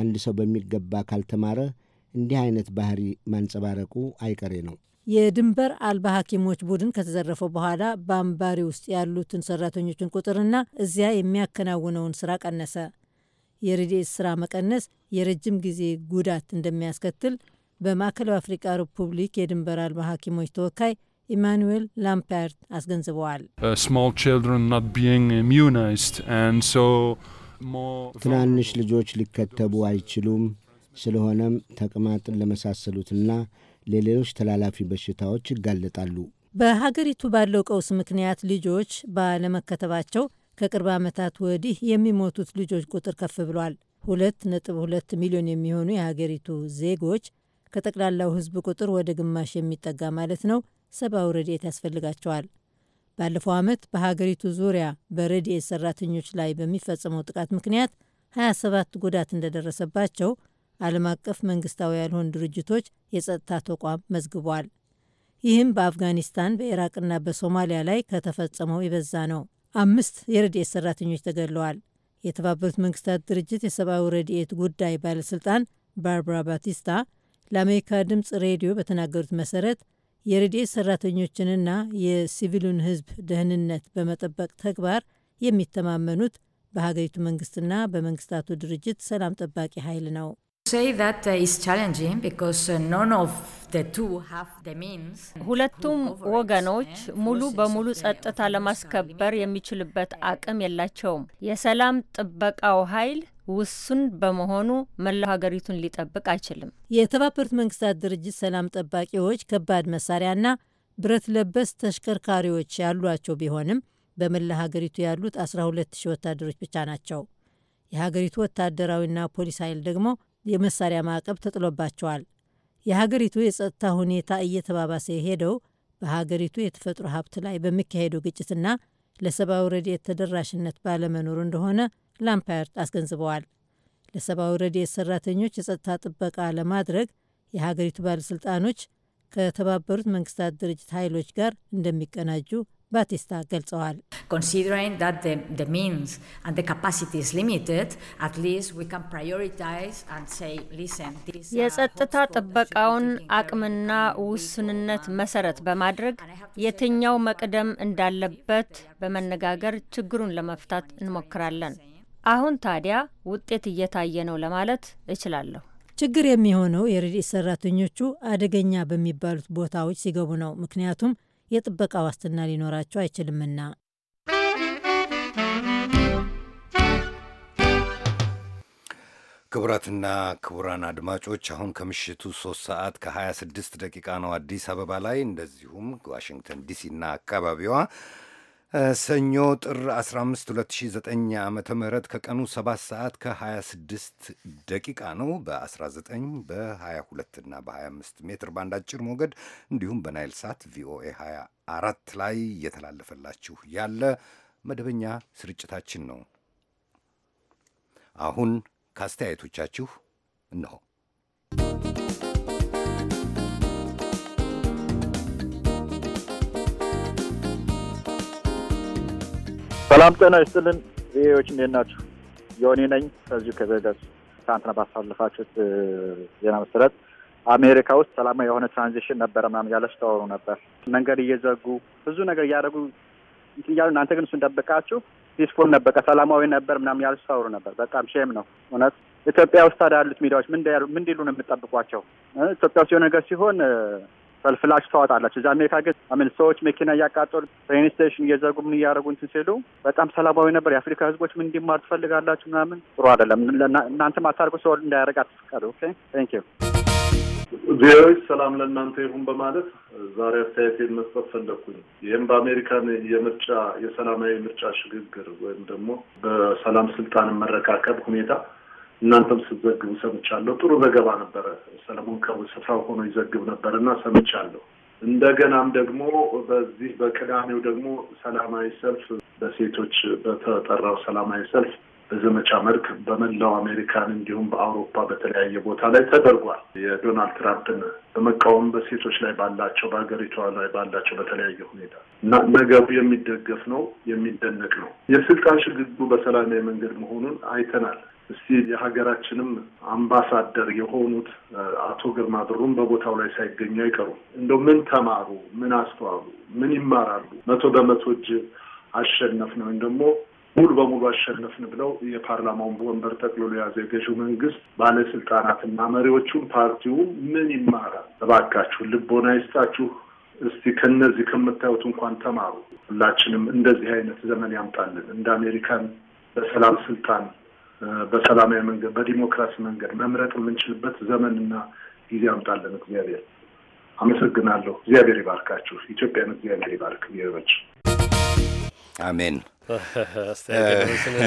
አንድ ሰው በሚገባ ካልተማረ እንዲህ አይነት ባህሪ ማንጸባረቁ አይቀሬ ነው። የድንበር አልባ ሐኪሞች ቡድን ከተዘረፈው በኋላ በአምባሪ ውስጥ ያሉትን ሰራተኞችን ቁጥርና እዚያ የሚያከናውነውን ስራ ቀነሰ። የረድኤት ስራ መቀነስ የረጅም ጊዜ ጉዳት እንደሚያስከትል በማዕከላዊ አፍሪቃ ሪፑብሊክ የድንበር አልባ ሐኪሞች ተወካይ ኢማኑዌል ላምፓርት አስገንዝበዋል። uh, ትናንሽ ልጆች ሊከተቡ አይችሉም። ስለሆነም ተቅማጥን ለመሳሰሉትና ለሌሎች ተላላፊ በሽታዎች ይጋለጣሉ። በሀገሪቱ ባለው ቀውስ ምክንያት ልጆች ባለመከተባቸው ከቅርብ ዓመታት ወዲህ የሚሞቱት ልጆች ቁጥር ከፍ ብሏል። ሁለት ነጥብ ሁለት ሚሊዮን የሚሆኑ የሀገሪቱ ዜጎች ከጠቅላላው ሕዝብ ቁጥር ወደ ግማሽ የሚጠጋ ማለት ነው ሰብአዊ ረድኤት ያስፈልጋቸዋል። ባለፈው ዓመት በሀገሪቱ ዙሪያ በረድኤት ሰራተኞች ላይ በሚፈጸመው ጥቃት ምክንያት 27 ጉዳት እንደደረሰባቸው ዓለም አቀፍ መንግስታዊ ያልሆኑ ድርጅቶች የጸጥታ ተቋም መዝግቧል። ይህም በአፍጋኒስታን በኢራቅና በሶማሊያ ላይ ከተፈጸመው የበዛ ነው። አምስት የረድኤት ሰራተኞች ተገድለዋል። የተባበሩት መንግስታት ድርጅት የሰብአዊ ረድኤት ጉዳይ ባለሥልጣን ባርባራ ባቲስታ ለአሜሪካ ድምፅ ሬዲዮ በተናገሩት መሰረት የረድኤት ሰራተኞችንና የሲቪሉን ህዝብ ደህንነት በመጠበቅ ተግባር የሚተማመኑት በሀገሪቱ መንግስትና በመንግስታቱ ድርጅት ሰላም ጠባቂ ኃይል ነው። Uh, uh, ሁለቱም ወገኖች ሙሉ በሙሉ ጸጥታ ለማስከበር የሚችልበት አቅም የላቸውም። የሰላም ጥበቃው ኃይል ውሱን በመሆኑ መላው ሀገሪቱን ሊጠብቅ አይችልም። የተባበሩት መንግስታት ድርጅት ሰላም ጠባቂዎች ከባድ መሳሪያና ብረት ለበስ ተሽከርካሪዎች ያሏቸው ቢሆንም በመላ ሀገሪቱ ያሉት 12 ሺህ ወታደሮች ብቻ ናቸው። የሀገሪቱ ወታደራዊና ፖሊስ ኃይል ደግሞ የመሳሪያ ማዕቀብ ተጥሎባቸዋል። የሀገሪቱ የጸጥታ ሁኔታ እየተባባሰ የሄደው በሀገሪቱ የተፈጥሮ ሀብት ላይ በሚካሄደው ግጭትና ለሰብአዊ ረድኤት ተደራሽነት ባለመኖሩ እንደሆነ ላምፓየርት አስገንዝበዋል። ለሰብአዊ ረድኤት ሰራተኞች የጸጥታ ጥበቃ ለማድረግ የሀገሪቱ ባለሥልጣኖች ከተባበሩት መንግስታት ድርጅት ኃይሎች ጋር እንደሚቀናጁ ባቲስታ ገልጸዋል። የጸጥታ ጥበቃውን አቅምና ውስንነት መሰረት በማድረግ የትኛው መቅደም እንዳለበት በመነጋገር ችግሩን ለመፍታት እንሞክራለን። አሁን ታዲያ ውጤት እየታየ ነው ለማለት እችላለሁ። ችግር የሚሆነው የረድኤት ሰራተኞቹ አደገኛ በሚባሉት ቦታዎች ሲገቡ ነው። ምክንያቱም የጥበቃ ዋስትና ሊኖራቸው አይችልምና። ክቡራትና ክቡራን አድማጮች አሁን ከምሽቱ 3 ሰዓት ከ26 ደቂቃ ነው አዲስ አበባ ላይ እንደዚሁም ዋሽንግተን ዲሲ እና አካባቢዋ ሰኞ ጥር 15 2009 ዓ ም ከቀኑ 7 ሰዓት ከ26 ደቂቃ ነው። በ19 በ22 እና በ25 ሜትር ባንድ አጭር ሞገድ እንዲሁም በናይል ሳት ቪኦኤ 24 ላይ እየተላለፈላችሁ ያለ መደበኛ ስርጭታችን ነው። አሁን ከአስተያየቶቻችሁ እነሆ። ሰላም ጤና ይስጥልን። ቪዎች እንዴት ናችሁ? የሆኔ ነኝ ከዚሁ ከቬጋስ። ትናንትና ባሳልፋችሁት ዜና መሰረት አሜሪካ ውስጥ ሰላማዊ የሆነ ትራንዚሽን ነበረ ምናምን እያለ ስታወሩ ነበር። መንገድ እየዘጉ ብዙ ነገር እያደረጉ እያሉ እናንተ ግን እሱን ደብቃችሁ ፒስፉል ነበረ ሰላማዊ ነበር ምናምን እያለ ስታወሩ ነበር። በጣም ሼም ነው እውነት። ኢትዮጵያ ውስጥ ታዲያ ያሉት ሚዲያዎች ምን እንዲሉ ነው የምጠብቋቸው? ኢትዮጵያ ውስጥ የሆነ ነገር ሲሆን ሰልፍ ላችሁ ታወጣላችሁ። እዛ አሜሪካ ግን አሜን ሰዎች መኪና እያቃጠሉ ትሬን ስቴሽን እየዘጉ ምን እያደረጉ እንትን ሲሉ በጣም ሰላማዊ ነበር። የአፍሪካ ህዝቦች ምን እንዲማር ትፈልጋላችሁ ምናምን ጥሩ አይደለም። እናንተም አታርጉ፣ ሰው እንዳያደርግ አትፍቀዱ። ቴንክ ዩ ቪኦኤ ሰላም ለእናንተ ይሁን በማለት ዛሬ አስተያየቴን መስጠት ፈለግኩኝ። ይህም በአሜሪካን የምርጫ የሰላማዊ ምርጫ ሽግግር ወይም ደግሞ በሰላም ስልጣን መረካከብ ሁኔታ እናንተም ስትዘግቡ ሰምቻለሁ። ጥሩ ዘገባ ነበረ። ሰለሞን ከስፍራው ሆኖ ይዘግብ ነበር እና ሰምቻለሁ። እንደገናም ደግሞ በዚህ በቅዳሜው ደግሞ ሰላማዊ ሰልፍ በሴቶች በተጠራው ሰላማዊ ሰልፍ በዘመቻ መልክ በመላው አሜሪካን እንዲሁም በአውሮፓ በተለያየ ቦታ ላይ ተደርጓል። የዶናልድ ትራምፕን በመቃወም በሴቶች ላይ ባላቸው በሀገሪቷ ላይ ባላቸው በተለያየ ሁኔታ እና ነገሩ የሚደገፍ ነው፣ የሚደነቅ ነው። የስልጣን ሽግግሩ በሰላማዊ መንገድ መሆኑን አይተናል። እስቲ የሀገራችንም አምባሳደር የሆኑት አቶ ግርማ ብሩም በቦታው ላይ ሳይገኙ አይቀሩም። እንደው ምን ተማሩ፣ ምን አስተዋሉ፣ ምን ይማራሉ? መቶ በመቶ እጅ አሸነፍን ወይም ደግሞ ሙሉ በሙሉ አሸነፍን ብለው የፓርላማውን ወንበር ጠቅልሎ የያዘ የገዢው መንግስት ባለስልጣናትና መሪዎቹን ፓርቲው ምን ይማራል? እባካችሁ ልቦና ይስጣችሁ። እስቲ ከነዚህ ከምታዩት እንኳን ተማሩ። ሁላችንም እንደዚህ አይነት ዘመን ያምጣልን። እንደ አሜሪካን በሰላም ስልጣን በሰላማዊ መንገድ በዲሞክራሲ መንገድ መምረጥ የምንችልበት ዘመንና ጊዜ አምጣለን። እግዚአብሔር አመሰግናለሁ። እግዚአብሔር ይባርካችሁ። ኢትዮጵያን እግዚአብሔር ይባርክ። ብሔሮች አሜን።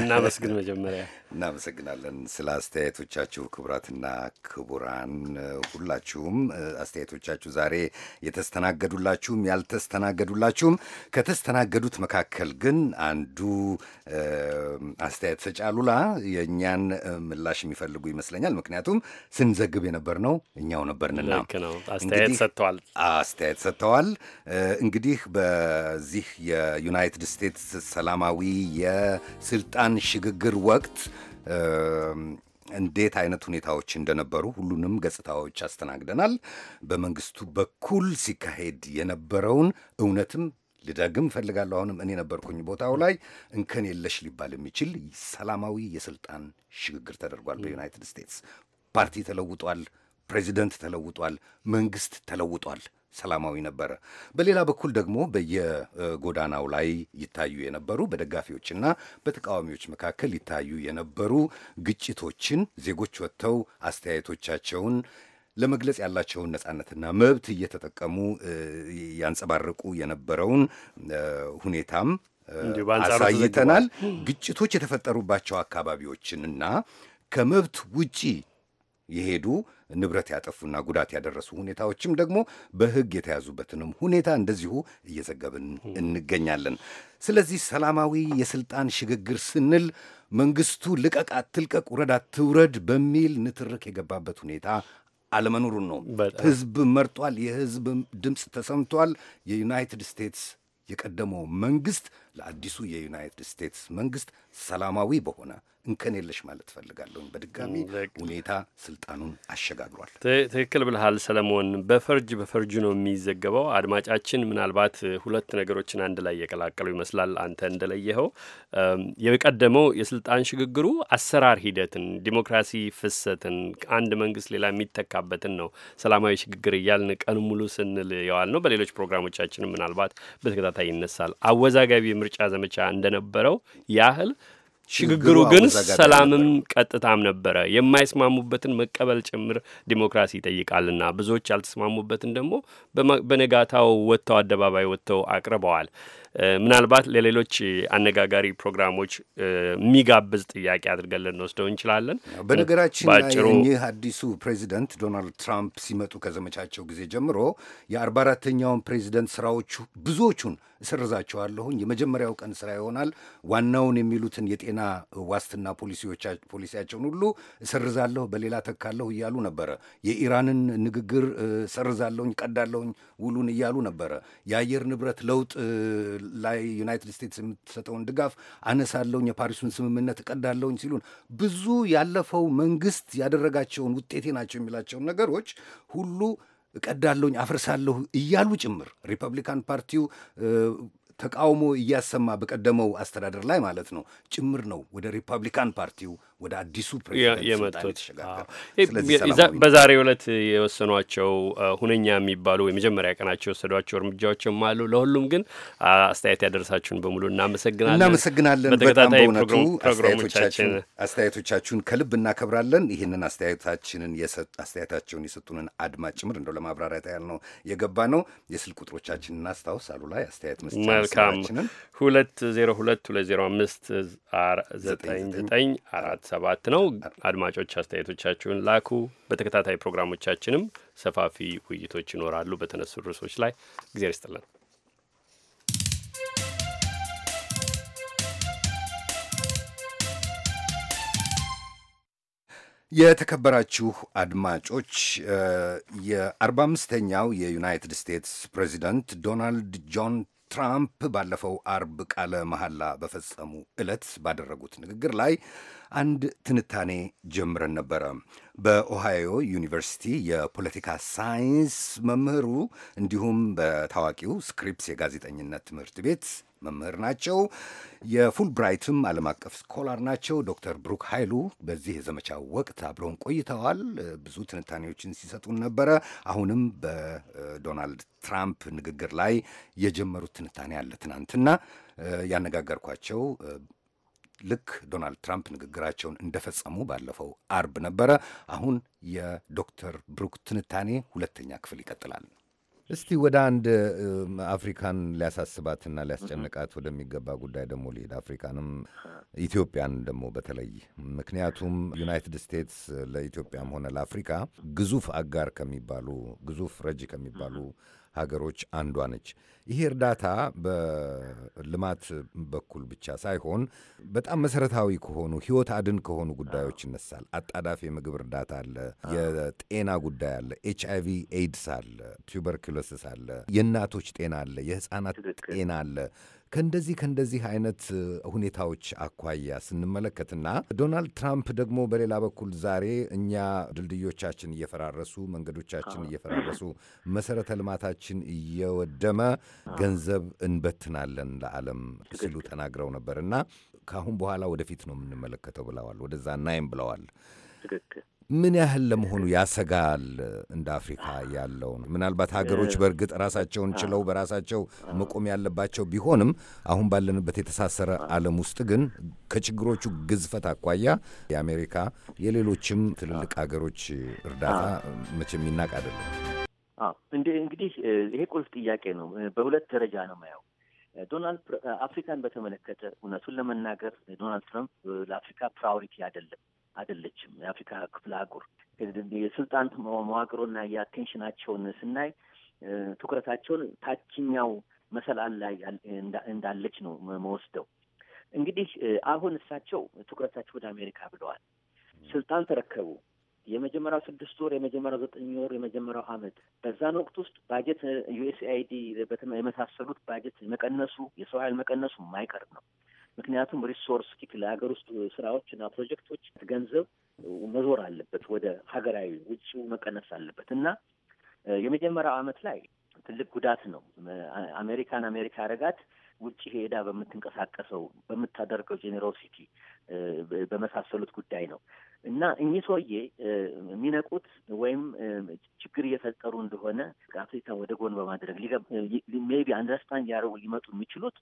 እናመስግን መጀመሪያ እናመሰግናለን ስለ አስተያየቶቻችሁ ክቡራትና ክቡራን ሁላችሁም። አስተያየቶቻችሁ ዛሬ የተስተናገዱላችሁም ያልተስተናገዱላችሁም፣ ከተስተናገዱት መካከል ግን አንዱ አስተያየት ሰጪ አሉላ የእኛን ምላሽ የሚፈልጉ ይመስለኛል። ምክንያቱም ስንዘግብ ነው እኛው ነበርንና አስተያየት ሰጥተዋል አስተያየት ሰጥተዋል። እንግዲህ በዚህ የዩናይትድ ስቴትስ ሰላማዊ የስልጣን ሽግግር ወቅት እንዴት አይነት ሁኔታዎች እንደነበሩ ሁሉንም ገጽታዎች አስተናግደናል። በመንግስቱ በኩል ሲካሄድ የነበረውን እውነትም ልደግም ፈልጋለሁ። አሁንም እኔ ነበርኩኝ ቦታው ላይ እንከን የለሽ ሊባል የሚችል ሰላማዊ የስልጣን ሽግግር ተደርጓል። በዩናይትድ ስቴትስ ፓርቲ ተለውጧል፣ ፕሬዚደንት ተለውጧል፣ መንግስት ተለውጧል። ሰላማዊ ነበረ። በሌላ በኩል ደግሞ በየጎዳናው ላይ ይታዩ የነበሩ በደጋፊዎችና በተቃዋሚዎች መካከል ይታዩ የነበሩ ግጭቶችን ዜጎች ወጥተው አስተያየቶቻቸውን ለመግለጽ ያላቸውን ነጻነትና መብት እየተጠቀሙ ያንጸባርቁ የነበረውን ሁኔታም አሳይተናል። ግጭቶች የተፈጠሩባቸው አካባቢዎችንና ከመብት ውጪ የሄዱ ንብረት ያጠፉና ጉዳት ያደረሱ ሁኔታዎችም ደግሞ በሕግ የተያዙበትንም ሁኔታ እንደዚሁ እየዘገብን እንገኛለን። ስለዚህ ሰላማዊ የስልጣን ሽግግር ስንል መንግስቱ ልቀቅ አትልቀቅ፣ ውረድ አትውረድ በሚል ንትርክ የገባበት ሁኔታ አለመኖሩን ነው። ህዝብ መርጧል። የህዝብ ድምፅ ተሰምቷል። የዩናይትድ ስቴትስ የቀደመው መንግስት ለአዲሱ የዩናይትድ ስቴትስ መንግስት ሰላማዊ በሆነ እንከን የለሽ ማለት ፈልጋለሁኝ። በድጋሚ ሁኔታ ስልጣኑን አሸጋግሯል። ትክክል ብልሃል ሰለሞን። በፈርጅ በፈርጅ ነው የሚዘገበው። አድማጫችን ምናልባት ሁለት ነገሮችን አንድ ላይ የቀላቀሉ ይመስላል። አንተ እንደለየኸው የቀደመው የስልጣን ሽግግሩ አሰራር ሂደትን፣ ዲሞክራሲ ፍሰትን፣ አንድ መንግስት ሌላ የሚተካበትን ነው ሰላማዊ ሽግግር እያልን ቀን ሙሉ ስንል የዋል ነው። በሌሎች ፕሮግራሞቻችንም ምናልባት በተከታታይ ይነሳል። አወዛጋቢ የምርጫ ዘመቻ እንደነበረው ያህል ሽግግሩ ግን ሰላምም ቀጥታም ነበረ። የማይስማሙበትን መቀበል ጭምር ዲሞክራሲ ይጠይቃልና ብዙዎች ያልተስማሙበትን ደግሞ በነጋታው ወጥተው አደባባይ ወጥተው አቅርበዋል። ምናልባት ለሌሎች አነጋጋሪ ፕሮግራሞች የሚጋብዝ ጥያቄ አድርገን ልንወስደው እንችላለን። በነገራችን ላይ እኚህ አዲሱ ፕሬዚደንት ዶናልድ ትራምፕ ሲመጡ ከዘመቻቸው ጊዜ ጀምሮ የአርባ አራተኛውን ፕሬዚደንት ስራዎቹ ብዙዎቹን እሰርዛቸዋለሁኝ የመጀመሪያው ቀን ስራ ይሆናል ዋናውን የሚሉትን የጤና ዋስትና ፖሊሲያቸውን ሁሉ እሰርዛለሁ፣ በሌላ ተካለሁ እያሉ ነበረ። የኢራንን ንግግር እሰርዛለሁኝ፣ ቀዳለሁኝ ውሉን እያሉ ነበረ። የአየር ንብረት ለውጥ ላይ ዩናይትድ ስቴትስ የምትሰጠውን ድጋፍ አነሳለሁኝ፣ የፓሪሱን ስምምነት እቀዳለሁኝ ሲሉን ብዙ ያለፈው መንግስት ያደረጋቸውን ውጤቴ ናቸው የሚላቸውን ነገሮች ሁሉ እቀዳለውኝ፣ አፍርሳለሁ እያሉ ጭምር ሪፐብሊካን ፓርቲው ተቃውሞ እያሰማ በቀደመው አስተዳደር ላይ ማለት ነው ጭምር ነው ወደ ሪፐብሊካን ፓርቲው ወደ አዲሱ ፕሬዚደንት ስልጣን በዛሬው ዕለት የወሰኗቸው ሁነኛ የሚባሉ የመጀመሪያ ቀናቸው የወሰዷቸው እርምጃዎችም አሉ። ለሁሉም ግን አስተያየት ያደረሳችሁን በሙሉ እናመሰግናለን። እናመሰግናለን። በጣም በእውነቱ አስተያየቶቻችሁን ከልብ እናከብራለን። ይህንን አስተያየታችንን አስተያየታቸውን የሰጡንን አድማጭ ጭምር እንደው ለማብራሪያ ያል ነው የገባ ነው። የስልክ ቁጥሮቻችንን እናስታውስ። አሉ ላይ አስተያየት መስጫ መልካም ሁለት ዜሮ ሁለት ሁለት ዜሮ አምስት ዘጠኝ ዘጠኝ አራት ሰባት ነው። አድማጮች አስተያየቶቻችሁን ላኩ። በተከታታይ ፕሮግራሞቻችንም ሰፋፊ ውይይቶች ይኖራሉ በተነሱ ርዕሶች ላይ። እግዜር ይስጥልን። የተከበራችሁ አድማጮች የአርባ አምስተኛው የዩናይትድ ስቴትስ ፕሬዚዳንት ዶናልድ ጆን ትራምፕ ባለፈው አርብ ቃለ መሐላ በፈጸሙ ዕለት ባደረጉት ንግግር ላይ አንድ ትንታኔ ጀምረን ነበረ። በኦሃዮ ዩኒቨርሲቲ የፖለቲካ ሳይንስ መምህሩ እንዲሁም በታዋቂው ስክሪፕስ የጋዜጠኝነት ትምህርት ቤት መምህር ናቸው። የፉል ብራይትም ዓለም አቀፍ ስኮላር ናቸው። ዶክተር ብሩክ ኃይሉ በዚህ የዘመቻ ወቅት አብረውን ቆይተዋል። ብዙ ትንታኔዎችን ሲሰጡን ነበረ። አሁንም በዶናልድ ትራምፕ ንግግር ላይ የጀመሩት ትንታኔ አለ። ትናንትና ያነጋገርኳቸው ልክ ዶናልድ ትራምፕ ንግግራቸውን እንደፈጸሙ ባለፈው አርብ ነበረ። አሁን የዶክተር ብሩክ ትንታኔ ሁለተኛ ክፍል ይቀጥላል። እስቲ ወደ አንድ አፍሪካን ሊያሳስባትና ሊያስጨንቃት ወደሚገባ ጉዳይ ደግሞ ሊሄድ አፍሪካንም ኢትዮጵያን ደግሞ በተለይ ምክንያቱም ዩናይትድ ስቴትስ ለኢትዮጵያም ሆነ ለአፍሪካ ግዙፍ አጋር ከሚባሉ ግዙፍ ረጂ ከሚባሉ ሀገሮች አንዷ ነች። ይህ እርዳታ በልማት በኩል ብቻ ሳይሆን በጣም መሰረታዊ ከሆኑ ህይወት አድን ከሆኑ ጉዳዮች ይነሳል። አጣዳፊ የምግብ እርዳታ አለ፣ የጤና ጉዳይ አለ፣ ኤች አይቪ ኤድስ አለ፣ ቱበርኩሎስስ አለ፣ የእናቶች ጤና አለ፣ የህፃናት ጤና አለ። ከእንደዚህ ከእንደዚህ አይነት ሁኔታዎች አኳያ ስንመለከትና ዶናልድ ትራምፕ ደግሞ በሌላ በኩል ዛሬ እኛ ድልድዮቻችን እየፈራረሱ መንገዶቻችን እየፈራረሱ መሰረተ ልማታችን እየወደመ ገንዘብ እንበትናለን ለዓለም ሲሉ ተናግረው ነበር እና ከአሁን በኋላ ወደፊት ነው የምንመለከተው ብለዋል። ወደዛ እናይም ብለዋል። ትክክል ምን ያህል ለመሆኑ ያሰጋል? እንደ አፍሪካ ያለውን ምናልባት ሀገሮች በእርግጥ ራሳቸውን ችለው በራሳቸው መቆም ያለባቸው ቢሆንም አሁን ባለንበት የተሳሰረ ዓለም ውስጥ ግን ከችግሮቹ ግዝፈት አኳያ የአሜሪካ የሌሎችም ትልልቅ ሀገሮች እርዳታ መቼም ይናቅ አይደለም። እንግዲህ ይሄ ቁልፍ ጥያቄ ነው። በሁለት ደረጃ ነው ማየው። ዶናልድ አፍሪካን በተመለከተ እውነቱን ለመናገር ዶናልድ ትራምፕ ለአፍሪካ ፕራዮሪቲ አይደለም። አይደለችም። የአፍሪካ ክፍለ አህጉር የስልጣን መዋቅሮና የአቴንሽናቸውን ስናይ ትኩረታቸውን ታችኛው መሰላል ላይ እንዳለች ነው መወስደው። እንግዲህ አሁን እሳቸው ትኩረታቸው ወደ አሜሪካ ብለዋል። ስልጣን ተረከቡ። የመጀመሪያው ስድስት ወር፣ የመጀመሪያው ዘጠኝ ወር፣ የመጀመሪያው አመት በዛን ወቅት ውስጥ ባጀት ዩኤስኤአይዲ የመሳሰሉት ባጀት መቀነሱ፣ የሰው ኃይል መቀነሱ የማይቀር ነው። ምክንያቱም ሪሶርስ ለሀገር ውስጥ እና ፕሮጀክቶች ገንዘብ መዞር አለበት ወደ ሀገራዊ ውጭው መቀነስ አለበት እና የመጀመሪያው አመት ላይ ትልቅ ጉዳት ነው። አሜሪካን አሜሪካ አረጋት ውጭ ሄዳ በምትንቀሳቀሰው በምታደርገው ጄኔሮሲቲ በመሳሰሉት ጉዳይ ነው እና እኚህ ሰውዬ የሚነቁት ወይም ችግር እየፈጠሩ እንደሆነ አፍሪካ ወደ ጎን በማድረግ ሜይ ቢ አንደርስታንድ ያደረጉ ሊመጡ የሚችሉት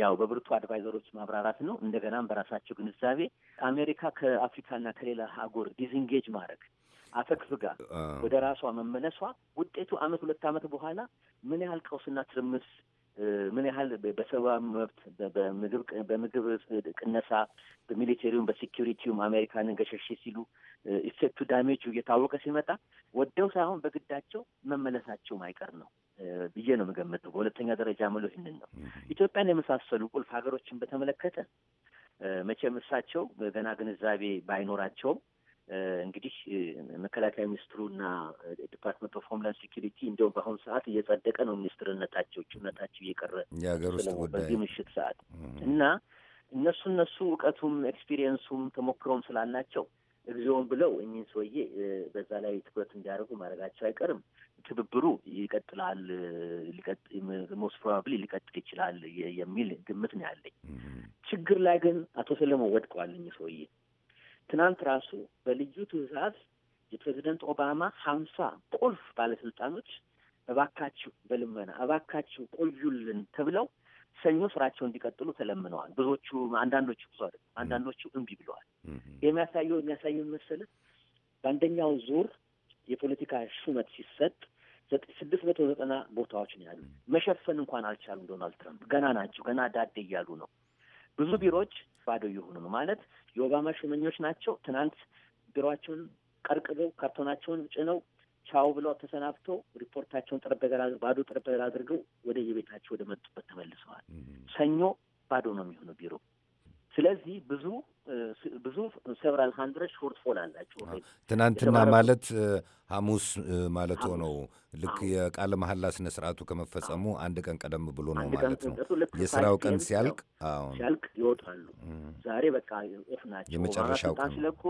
ያው በብርቱ አድቫይዘሮች ማብራራት ነው። እንደገናም በራሳቸው ግንዛቤ አሜሪካ ከአፍሪካና ከሌላ ሀገር ዲዝንጌጅ ማድረግ አፈግፍጋ ወደ ራሷ መመለሷ ውጤቱ አመት ሁለት አመት በኋላ ምን ያህል ቀውስና ትርምስ ምን ያህል በሰብአዊ መብት በምግብ በምግብ ቅነሳ በሚሊቴሪውም በሴኪሪቲውም አሜሪካንን ገሸሽ ሲሉ ኢፌክቱ ዳሜጁ እየታወቀ ሲመጣ ወደው ሳይሆን በግዳቸው መመለሳቸው ማይቀር ነው። ብዬ ነው የምገምተው። በሁለተኛ ደረጃ ምለው ይህንን ነው። ኢትዮጵያን የመሳሰሉ ቁልፍ ሀገሮችን በተመለከተ መቼም እሳቸው ገና ግንዛቤ ባይኖራቸውም እንግዲህ መከላከያ ሚኒስትሩና ዲፓርትመንት ኦፍ ሆምላንድ ሴኪሪቲ እንዲሁም በአሁኑ ሰዓት እየጸደቀ ነው ሚኒስትርነታቸው ጭነታቸው እየቀረ የሀገር ውስጥ ጉዳይ በዚህ ምሽት ሰዓት እና እነሱ እነሱ እውቀቱም ኤክስፒሪየንሱም ተሞክሮም ስላላቸው እግዚኦም ብለው እኚህን ሰውዬ በዛ ላይ ትኩረት እንዲያደርጉ ማድረጋቸው አይቀርም። ትብብሩ ይቀጥላል ሞስት ፕሮባብሊ ሊቀጥል ይችላል የሚል ግምት ነው ያለኝ። ችግር ላይ ግን አቶ ሰለሞን ወድቀዋል እኚህ ሰውዬ። ትናንት ራሱ በልዩ ትዕዛዝ የፕሬዚደንት ኦባማ ሀምሳ ቁልፍ ባለስልጣኖች እባካችሁ በልመና እባካችሁ ቆዩልን ተብለው ሰኞ ስራቸው እንዲቀጥሉ ተለምነዋል። ብዙዎቹ አንዳንዶቹ ብዙ አይደለም፣ አንዳንዶቹ እምቢ ብለዋል። የሚያሳየው የሚያሳየው መሰለ በአንደኛው ዙር የፖለቲካ ሹመት ሲሰጥ ስድስት መቶ ዘጠና ቦታዎች ነው ያሉ። መሸፈን እንኳን አልቻሉም። ዶናልድ ትራምፕ ገና ናቸው፣ ገና ዳዴ እያሉ ነው። ብዙ ቢሮዎች ባዶ የሆኑ ነው ማለት የኦባማ ሹመኞች ናቸው። ትናንት ቢሮቸውን ቀርቅበው ካርቶናቸውን ጭነው ቻው ብለው ተሰናብተው ሪፖርታቸውን ጠረጴዛ ባዶ ጠረጴዛ አድርገው ወደ የቤታቸው ወደ መጡበት ተመልሰዋል። ሰኞ ባዶ ነው የሚሆነው ቢሮ ስለዚህ ብዙ ብዙ ሰብራል ሀንድረድ ሾርት ፎል አላቸው። ትናንትና ማለት ሐሙስ ማለት ነው። ልክ የቃለ መሐላ ስነ ስርዓቱ ከመፈጸሙ አንድ ቀን ቀደም ብሎ ነው ማለት ነው። የስራው ቀን ሲያልቅ ሲያልቅ ይወጣሉ። ዛሬ በቃ ፍ ናቸው። የመጨረሻው ቀን ሲለቁ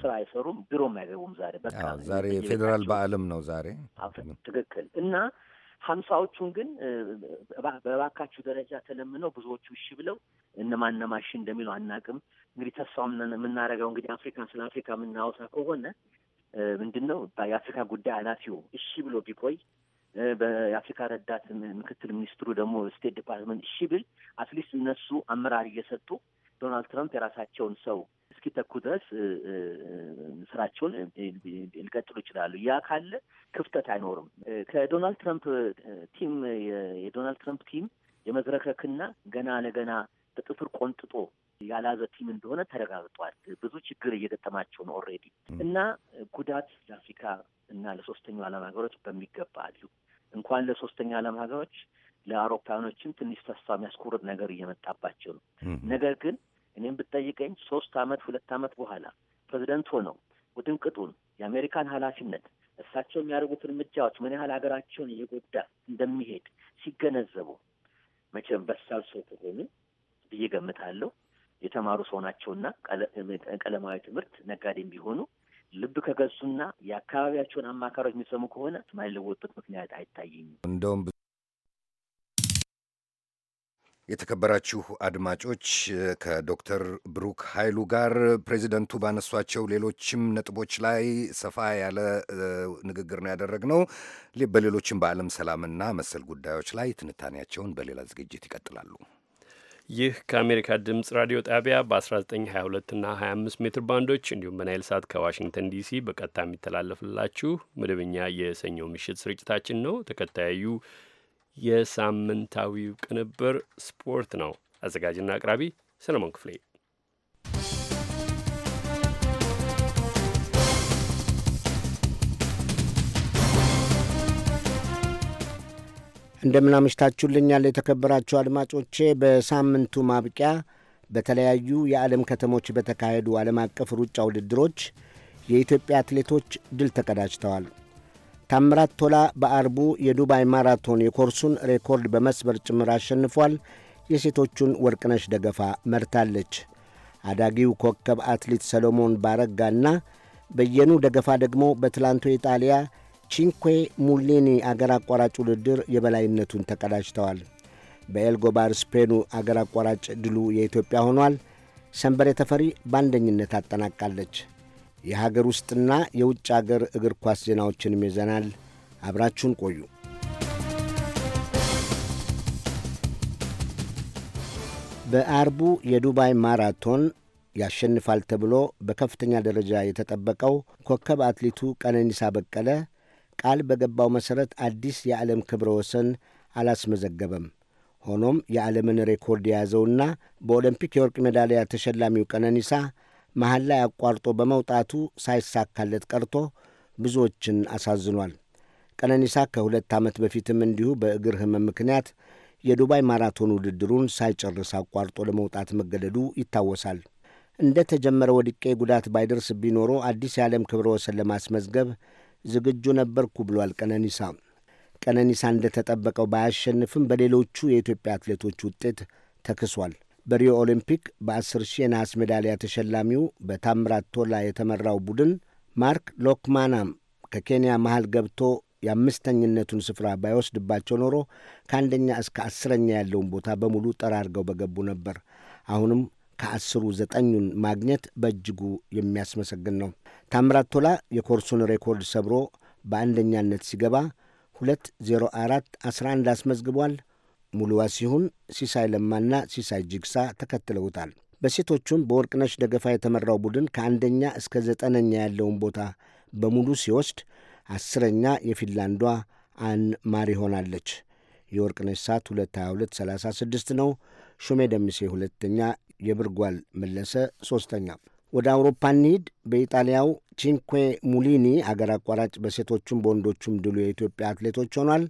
ስራ አይሰሩም፣ ቢሮም አይገቡም። ዛሬ በቃ ዛሬ የፌዴራል በዓልም ነው ዛሬ ትክክል እና ሀምሳዎቹን ግን በባካችሁ ደረጃ ተለምነው ብዙዎቹ እሺ ብለው እነማነማሽ እንደሚለው አናቅም። እንግዲህ ተስፋ የምናደርገው እንግዲህ አፍሪካ ስለ አፍሪካ የምናወሳ ከሆነ ምንድን ነው የአፍሪካ ጉዳይ ኃላፊው እሺ ብሎ ቢቆይ በአፍሪካ ረዳት ምክትል ሚኒስትሩ ደግሞ ስቴት ዲፓርትመንት እሺ ብል አትሊስት እነሱ አመራር እየሰጡ ዶናልድ ትራምፕ የራሳቸውን ሰው እስኪተኩ ድረስ ስራቸውን ሊቀጥሉ ይችላሉ። ያ ካለ ክፍተት አይኖርም። ከዶናልድ ትራምፕ ቲም የዶናልድ ትራምፕ ቲም የመዝረከክና ገና ለገና በጥፍር ቆንጥጦ ያላዘ ቲም እንደሆነ ተረጋግጧል። ብዙ ችግር እየገጠማቸው ነው ኦልሬዲ እና ጉዳት ለአፍሪካ እና ለሶስተኛው ዓለም ሀገሮች በሚገባ አሉ። እንኳን ለሶስተኛ ዓለም ሀገሮች ለአውሮፓውያኖችም ትንሽ ተስፋ የሚያስቆርጥ ነገር እየመጣባቸው ነው። ነገር ግን እኔም ብትጠይቀኝ ሶስት አመት ሁለት አመት በኋላ ፕሬዚደንት ሆነው ውድንቅጡን የአሜሪካን ኃላፊነት እሳቸው የሚያደርጉት እርምጃዎች ምን ያህል ሀገራቸውን እየጎዳ እንደሚሄድ ሲገነዘቡ መቼም በሳል ሰው ከሆኑ ብዬ ገምታለሁ። የተማሩ ሰው ናቸውና ቀለማዊ ትምህርት ነጋዴም ቢሆኑ ልብ ከገዙና የአካባቢያቸውን አማካሪዎች የሚሰሙ ከሆነ ማይለወጡት ምክንያት አይታየኝም። እንደውም የተከበራችሁ አድማጮች ከዶክተር ብሩክ ኃይሉ ጋር ፕሬዚደንቱ ባነሷቸው ሌሎችም ነጥቦች ላይ ሰፋ ያለ ንግግር ነው ያደረግነው። በሌሎችም በዓለም ሰላምና መሰል ጉዳዮች ላይ ትንታኔያቸውን በሌላ ዝግጅት ይቀጥላሉ። ይህ ከአሜሪካ ድምፅ ራዲዮ ጣቢያ በ1922 እና 25 ሜትር ባንዶች እንዲሁም በናይል ሳት ከዋሽንግተን ዲሲ በቀጥታ የሚተላለፍላችሁ መደበኛ የሰኞ ምሽት ስርጭታችን ነው። ተከታዩ የሳምንታዊው ቅንብር ስፖርት ነው። አዘጋጅና አቅራቢ ሰለሞን ክፍሌ እንደምናመሽታችሁልኛል የተከበራችሁ አድማጮቼ። በሳምንቱ ማብቂያ በተለያዩ የዓለም ከተሞች በተካሄዱ ዓለም አቀፍ ሩጫ ውድድሮች የኢትዮጵያ አትሌቶች ድል ተቀዳጅተዋል። ታምራት ቶላ በአርቡ የዱባይ ማራቶን የኮርሱን ሬኮርድ በመስበር ጭምር አሸንፏል። የሴቶቹን ወርቅነሽ ደገፋ መርታለች። አዳጊው ኮከብ አትሌት ሰሎሞን ባረጋና በየኑ ደገፋ ደግሞ በትላንቱ የጣሊያ ቺንኩዌ ሙሊኒ አገር አቋራጭ ውድድር የበላይነቱን ተቀዳጅተዋል። በኤልጎባር ስፔኑ አገር አቋራጭ ድሉ የኢትዮጵያ ሆኗል። ሰንበሬ ተፈሪ በአንደኝነት አጠናቃለች። የሀገር ውስጥና የውጭ አገር እግር ኳስ ዜናዎችንም ይዘናል። አብራችሁን ቆዩ። በአርቡ የዱባይ ማራቶን ያሸንፋል ተብሎ በከፍተኛ ደረጃ የተጠበቀው ኮከብ አትሌቱ ቀነኒሳ በቀለ ቃል በገባው መሠረት አዲስ የዓለም ክብረ ወሰን አላስመዘገበም። ሆኖም የዓለምን ሬኮርድ የያዘውና በኦሎምፒክ የወርቅ ሜዳሊያ ተሸላሚው ቀነኒሳ መሐል ላይ አቋርጦ በመውጣቱ ሳይሳካለት ቀርቶ ብዙዎችን አሳዝኗል። ቀነኒሳ ከሁለት ዓመት በፊትም እንዲሁ በእግር ሕመም ምክንያት የዱባይ ማራቶን ውድድሩን ሳይጨርስ አቋርጦ ለመውጣት መገደዱ ይታወሳል። እንደ ተጀመረ ወድቄ ጉዳት ባይደርስ ቢኖሮ አዲስ የዓለም ክብረ ወሰን ለማስመዝገብ ዝግጁ ነበርኩ ብሏል ቀነኒሳ። ቀነኒሳ እንደተጠበቀው ባያሸንፍም በሌሎቹ የኢትዮጵያ አትሌቶች ውጤት ተክሷል። በሪዮ ኦሊምፒክ በ10 ሺህ የነሐስ ሜዳሊያ ተሸላሚው በታምራት ቶላ የተመራው ቡድን ማርክ ሎክማናም ከኬንያ መሃል ገብቶ የአምስተኝነቱን ስፍራ ባይወስድባቸው ኖሮ ከአንደኛ እስከ አስረኛ ያለውን ቦታ በሙሉ ጠራርገው በገቡ ነበር። አሁንም ከአስሩ ዘጠኙን ማግኘት በእጅጉ የሚያስመሰግን ነው። ታምራት ቶላ የኮርሱን ሬኮርድ ሰብሮ በአንደኛነት ሲገባ 204 11 አስመዝግቧል። ሙሉዋ ሲሆን ሲሳይ ለማና ሲሳይ ጅግሳ ተከትለውታል። በሴቶቹም በወርቅነሽ ደገፋ የተመራው ቡድን ከአንደኛ እስከ ዘጠነኛ ያለውን ቦታ በሙሉ ሲወስድ አስረኛ የፊንላንዷ አን ማሪ ሆናለች። የወርቅነሽ ሰዓት 22236 ነው። ሹሜ ደምሴ ሁለተኛ፣ የብርጓል መለሰ ሦስተኛ። ወደ አውሮፓ እንሂድ። በኢጣሊያው ቺንኩዌ ሙሊኒ አገር አቋራጭ በሴቶቹም በወንዶቹም ድሉ የኢትዮጵያ አትሌቶች ሆኗል።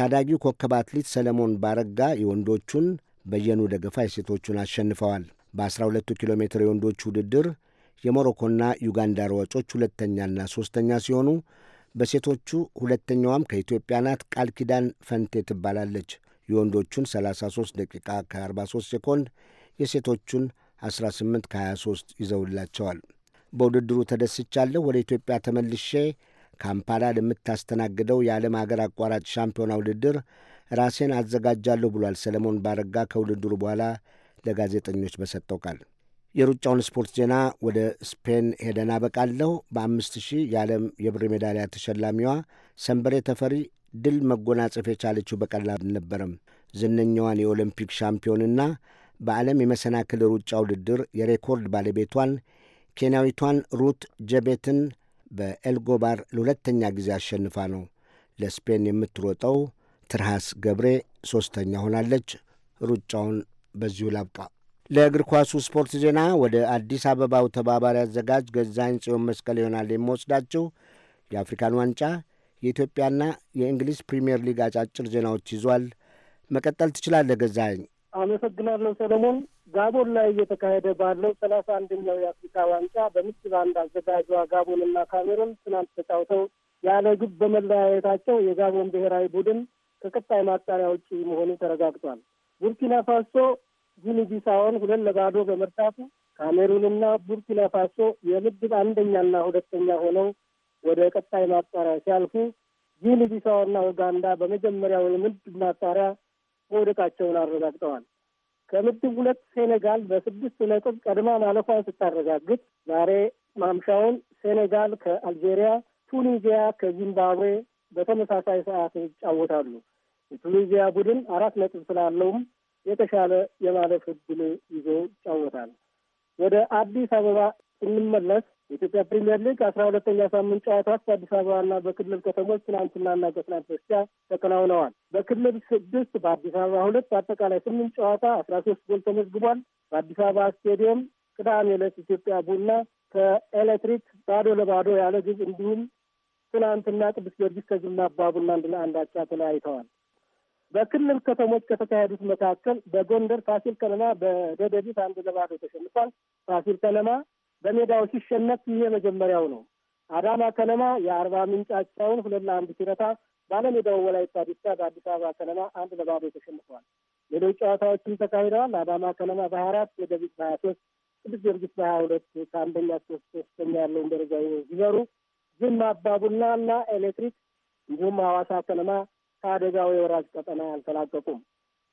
ታዳጊው ኮከብ አትሌት ሰለሞን ባረጋ የወንዶቹን፣ በየኑ ደገፋ የሴቶቹን አሸንፈዋል። በ12 ኪሎ ሜትር የወንዶቹ ውድድር የሞሮኮና ዩጋንዳ ሯጮች ሁለተኛና ሦስተኛ ሲሆኑ በሴቶቹ ሁለተኛዋም ከኢትዮጵያ ናት፣ ቃል ኪዳን ፈንቴ ትባላለች። የወንዶቹን 33 ደቂቃ ከ43 ሴኮንድ የሴቶቹን 18 ከ23 ይዘውላቸዋል። በውድድሩ ተደስቻለሁ። ወደ ኢትዮጵያ ተመልሼ ካምፓላ ለምታስተናግደው የዓለም አገር አቋራጭ ሻምፒዮና ውድድር ራሴን አዘጋጃለሁ ብሏል ሰለሞን ባረጋ ከውድድሩ በኋላ ለጋዜጠኞች በሰጠው ቃል። የሩጫውን ስፖርት ዜና ወደ ስፔን ሄደን አበቃለሁ። በአምስት ሺህ የዓለም የብር ሜዳሊያ ተሸላሚዋ ሰንበሬ ተፈሪ ድል መጎናጸፍ የቻለችው በቀላል አልነበረም። ዝነኛዋን የኦሎምፒክ ሻምፒዮንና በዓለም የመሰናክል ሩጫ ውድድር የሬኮርድ ባለቤቷን ኬንያዊቷን ሩት ጀቤትን በኤልጎባር ለሁለተኛ ጊዜ አሸንፋ ነው። ለስፔን የምትሮጠው ትርሃስ ገብሬ ሦስተኛ ሆናለች። ሩጫውን በዚሁ ላብቃ። ለእግር ኳሱ ስፖርት ዜና ወደ አዲስ አበባው ተባባሪ አዘጋጅ ገዛኝ ጽዮን መስቀል ይሆናል የምወስዳችሁ። የአፍሪካን ዋንጫ የኢትዮጵያና የእንግሊዝ ፕሪምየር ሊግ አጫጭር ዜናዎች ይዟል። መቀጠል ትችላለህ ገዛኝ። አመሰግናለሁ ሰለሞን። ጋቦን ላይ እየተካሄደ ባለው ሰላሳ አንደኛው የአፍሪካ ዋንጫ በምስል አንድ አዘጋጇ ጋቦን እና ካሜሮን ትናንት ተጫውተው ያለ ግብ በመለያየታቸው የጋቦን ብሔራዊ ቡድን ከቀጣይ ማጣሪያ ውጪ መሆኑ ተረጋግጧል። ቡርኪና ፋሶ ጊኒ ሁለት ለባዶ በመርታቱ ካሜሩንና ቡርኪና ፋሶ የምድብ አንደኛና ሁለተኛ ሆነው ወደ ቀጣይ ማጣሪያ ሲያልፉ ጊኒ ኡጋንዳ በመጀመሪያው የምድብ ማጣሪያ መውደቃቸውን አረጋግጠዋል። ከምድብ ሁለት ሴኔጋል በስድስት ነጥብ ቀድማ ማለፏን ስታረጋግጥ ዛሬ ማምሻውን ሴኔጋል ከአልጄሪያ፣ ቱኒዚያ ከዚምባብዌ በተመሳሳይ ሰዓት ይጫወታሉ። የቱኒዚያ ቡድን አራት ነጥብ ስላለውም የተሻለ የማለፍ እድል ይዞ ይጫወታል። ወደ አዲስ አበባ ስንመለስ የኢትዮጵያ ፕሪምየር ሊግ አስራ ሁለተኛ ሳምንት ጨዋታዎች በአዲስ አበባና በክልል ከተሞች ትናንትናና ከትናንት በስቲያ ተከናውነዋል። በክልል ስድስት በአዲስ አበባ ሁለት በአጠቃላይ ስምንት ጨዋታ አስራ ሶስት ጎል ተመዝግቧል። በአዲስ አበባ ስቴዲየም ቅዳሜ ዕለት ኢትዮጵያ ቡና ከኤሌክትሪክ ባዶ ለባዶ ያለ ግብ እንዲሁም ትናንትና ቅዱስ ጊዮርጊስ ከዝና አባ ቡና አንድ ለአንድ አቻ ተለያይተዋል። በክልል ከተሞች ከተካሄዱት መካከል በጎንደር ፋሲል ከነማ በደደቢት አንድ ለባዶ ተሸንፏል። ፋሲል ከነማ በሜዳው ሲሸነፍ ይሄ መጀመሪያው ነው። አዳማ ከነማ የአርባ ምንጫቸውን ሁለት ለአንድ ሲረታ ባለሜዳው ወላይታ ዲቻ በአዲስ አበባ ከነማ አንድ ለባዶ ተሸንፏል። ሌሎች ጨዋታዎችም ተካሂደዋል። አዳማ ከነማ በሀያ አራት ደደቢት በሀያ ሶስት ቅዱስ ጊዮርጊስ በሀያ ሁለት ከአንደኛ እስከ ሶስተኛ ያለውን ደረጃ ሲዘሩ ዝም አባቡና እና ኤሌክትሪክ እንዲሁም ሐዋሳ ከነማ ከአደጋው የወራጅ ቀጠና አልተላቀቁም።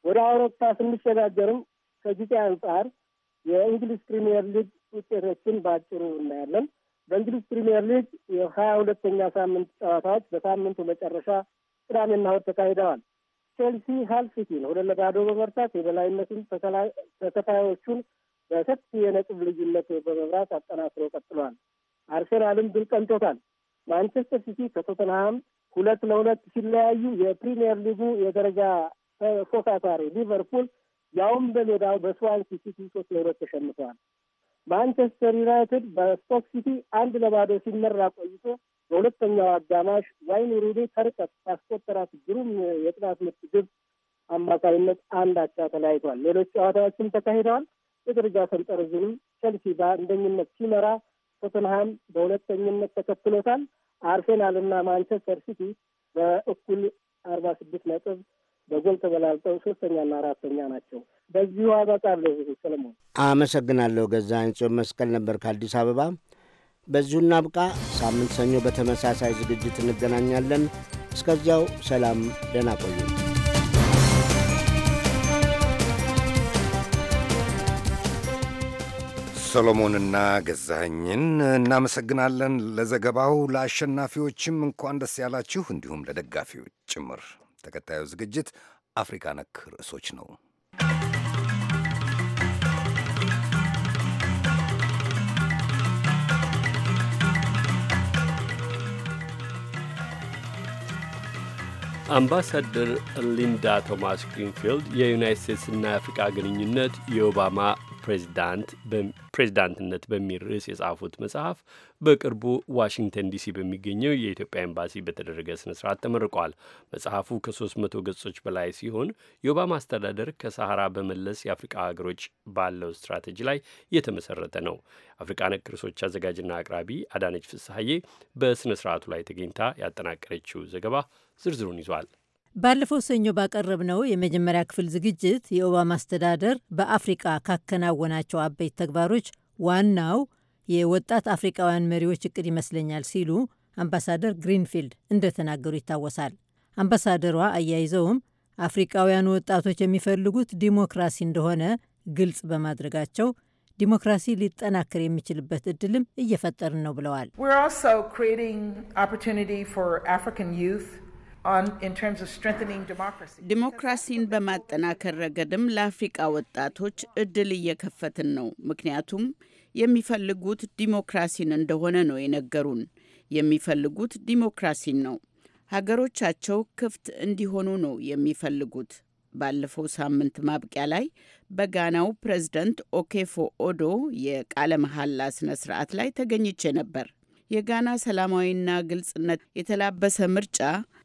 ወደ አውሮፓ ስንሸጋገርም ከጊዜ አንጻር የእንግሊዝ ፕሪሚየር ሊግ ውጤቶችን በአጭሩ እናያለን። በእንግሊዝ ፕሪሚየር ሊግ የሀያ ሁለተኛ ሳምንት ጨዋታዎች በሳምንቱ መጨረሻ ቅዳሜና እሑድ ተካሂደዋል። ቼልሲ ሃል ሲቲን ሁለት ለባዶ በመርታት የበላይነቱን ተከታዮቹን በሰፊ የነጥብ ልዩነት በመብራት አጠናክሮ ቀጥሏል። አርሴናልም ድል ቀንቶታል። ማንቸስተር ሲቲ ከቶተንሃም ሁለት ለሁለት ሲለያዩ የፕሪሚየር ሊጉ የደረጃ ተፎካካሪ ሊቨርፑል ያውም በሜዳው በስዋንሲ ሲቲ ሶስት ለሁለት ተሸንፈዋል። ማንቸስተር ዩናይትድ በስቶክ ሲቲ አንድ ለባዶ ሲመራ ቆይቶ በሁለተኛው አጋማሽ ዋይን ሩኒ ከርቀት ባስቆጠራት ግሩም የቅጣት ምት ግብ አማካኝነት አንድ አቻ ተለያይቷል። ሌሎች ጨዋታዎችም ተካሂደዋል። የደረጃ ሰንጠረዡንም ቸልሲ በአንደኝነት ሲመራ፣ ቶተንሃም በሁለተኝነት ተከትሎታል። አርሴናል እና ማንቸስተር ሲቲ በእኩል አርባ ስድስት ነጥብ በጎል ተበላልጠው ሶስተኛና አራተኛ ናቸው። በዚሁ አበቃለሁ። ሰለሞን አመሰግናለሁ። ገዛ ጽዮን መስቀል ነበር ከአዲስ አበባ። በዚሁ እናብቃ። ሳምንት ሰኞ በተመሳሳይ ዝግጅት እንገናኛለን። እስከዚያው ሰላም፣ ደህና ቆዩ። ሰሎሞንና ገዛኸኝን እናመሰግናለን ለዘገባው። ለአሸናፊዎችም እንኳን ደስ ያላችሁ፣ እንዲሁም ለደጋፊዎች ጭምር። ተከታዩ ዝግጅት አፍሪካ ነክ ርዕሶች ነው። አምባሳደር ሊንዳ ቶማስ ግሪንፊልድ የዩናይት ስቴትስና የአፍሪቃ ግንኙነት የኦባማ ፕሬዚዳንትነት በሚል ርዕስ የጻፉት መጽሐፍ በቅርቡ ዋሽንግተን ዲሲ በሚገኘው የኢትዮጵያ ኤምባሲ በተደረገ ስነ ስርዓት ተመርቋል። መጽሐፉ ከሶስት መቶ ገጾች በላይ ሲሆን የኦባማ አስተዳደር ከሰሐራ በመለስ የአፍሪቃ ሀገሮች ባለው ስትራቴጂ ላይ የተመሰረተ ነው። አፍሪቃ ነክ ርዕሶች አዘጋጅና አቅራቢ አዳነች ፍስሐዬ በስነ ስርዓቱ ላይ ተገኝታ ያጠናቀረችው ዘገባ ዝርዝሩን ይዟል። ባለፈው ሰኞ ባቀረብነው የመጀመሪያ ክፍል ዝግጅት የኦባማ አስተዳደር በአፍሪቃ ካከናወናቸው አበይት ተግባሮች ዋናው የወጣት አፍሪቃውያን መሪዎች እቅድ ይመስለኛል ሲሉ አምባሳደር ግሪንፊልድ እንደተናገሩ ይታወሳል። አምባሳደሯ አያይዘውም አፍሪቃውያኑ ወጣቶች የሚፈልጉት ዲሞክራሲ እንደሆነ ግልጽ በማድረጋቸው ዲሞክራሲ ሊጠናከር የሚችልበት እድልም እየፈጠርን ነው ብለዋል። ዲሞክራሲን በማጠናከር ረገድም ለአፍሪቃ ወጣቶች እድል እየከፈትን ነው። ምክንያቱም የሚፈልጉት ዲሞክራሲን እንደሆነ ነው የነገሩን። የሚፈልጉት ዲሞክራሲን ነው። ሀገሮቻቸው ክፍት እንዲሆኑ ነው የሚፈልጉት። ባለፈው ሳምንት ማብቂያ ላይ በጋናው ፕሬዝደንት ኦኬፎ ኦዶ የቃለ መሐላ ስነ ስርዓት ላይ ተገኝቼ ነበር። የጋና ሰላማዊና ግልጽነት የተላበሰ ምርጫ